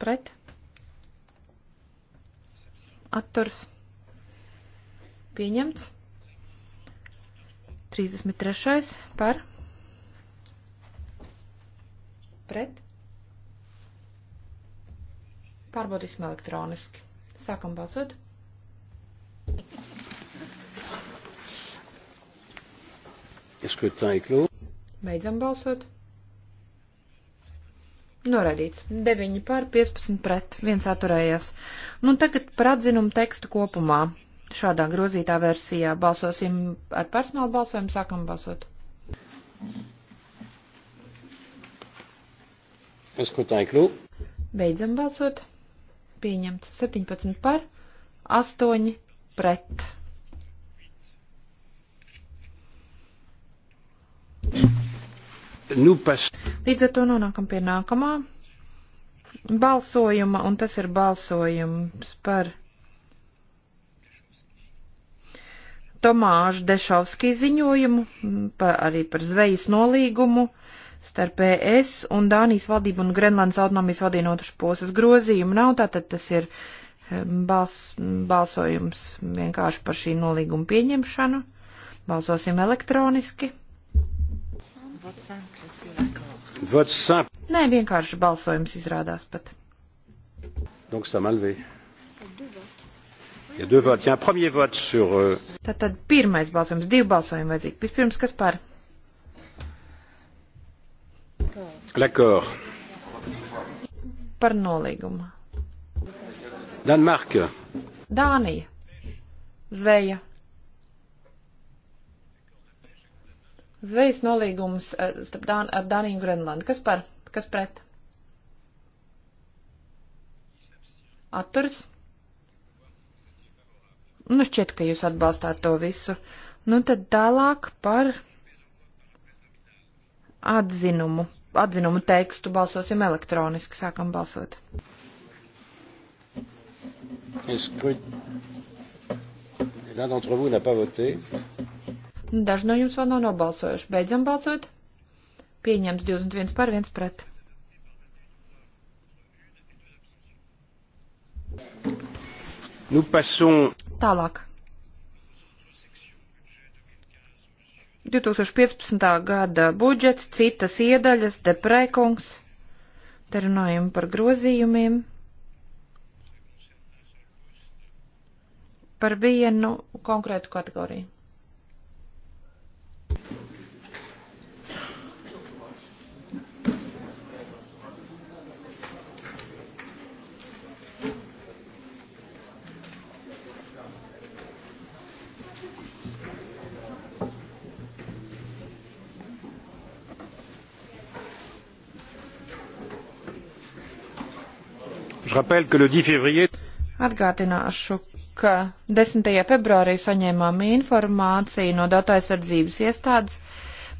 Pret. Atturs. Pieņemts. 33. par pret Pārbaudīsim elektroniski. Sākam balsot. Beidzam balsot. Noraidīts. 9 pār 15 pret. Viens atturējās. Nu, tagad par atzinumu tekstu kopumā. Šādā grozītā versijā balsosim ar personālu balsojumu. Sākam balsot. Beidzam balsot pieņemts 17 par, 8 pret. Nupas. Līdz ar to nonākam pie nākamā balsojuma, un tas ir balsojums par Tomāžu Dešovskī ziņojumu, par, arī par zvejas nolīgumu starp ES un Dānijas valdību un Grenlandes autonomijas vadīnotušu posas grozījumu nav, tātad tas ir eh, bals, balsojums vienkārši par šī nolīguma pieņemšanu. Balsosim elektroniski. WhatsApp. Nē, vienkārši balsojums izrādās pat. Donc ça m'a levé. Il y a deux votes. Il y a un premier vote sur. Euh, tātad pirmais balsojums, divi balsojumi vajadzīgi. Vispirms, kas par? L'accord. Par nolīgumu. Danmarka. Dānija. Zveja. Zvejas nolīgums eh, ar, Dā, ar Dāniju un Grenlandu. Kas par? Kas pret? Atturs? Nu, šķiet, ka jūs atbalstāt to visu. Nu, tad tālāk par atzinumu atzinumu tekstu balsosim elektroniski. Sākam balsot. Daži no jums vēl nav nobalsojuši. Beidzam balsot. Pieņems 21 par 1 pret. Tālāk. 2015. gada budžets, citas iedaļas, deprēkungs. Te runājam par grozījumiem. Par vienu konkrētu kategoriju. Atgādināšu, ka 10. februārī saņēmām informāciju no datu aizsardzības iestādes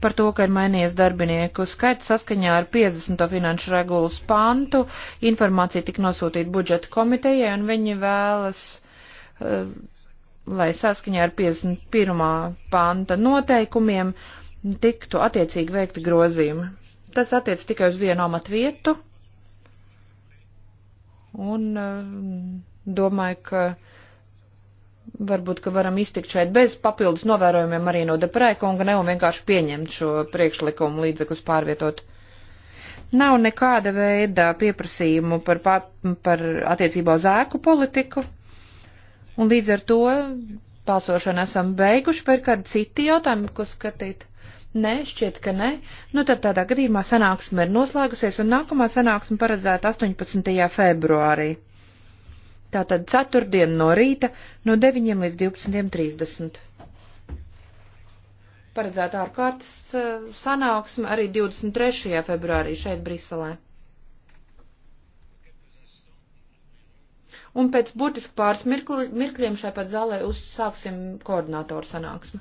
par to, ka ir mainījies darbinieku skaits saskaņā ar 50. finanšu regulas pantu. Informācija tika nosūtīta budžeta komitejai un viņi vēlas, eh, lai saskaņā ar 51. panta noteikumiem tiktu attiecīgi veikti grozījumi. Tas attiec tikai uz vienu amatu vietu Un eh, domāju, ka varbūt, ka varam iztikt šeit bez papildus novērojumiem arī no deprēkunga, ne un vienkārši pieņemt šo priekšlikumu līdzekus pārvietot. Nav nekāda veida pieprasījumu par, pār, par attiecībā uz ēku politiku, un līdz ar to balsošanu esam beiguši, vai ir kādi citi jautājumi, ko skatīt? Nē, šķiet, ka nē. Nu, tad tādā gadījumā sanāksme ir noslēgusies, un nākamā sanāksme paredzēta 18. februārī. Tātad ceturtdien no rīta no 9 līdz 12.30. Paredzēta ārkārtas eh, sanāksme arī 23. februārī šeit Briselē. un pēc burtiski pāris mirkli, mirkļiem šai pat zālē uzsāksim koordinātoru sanāksmi.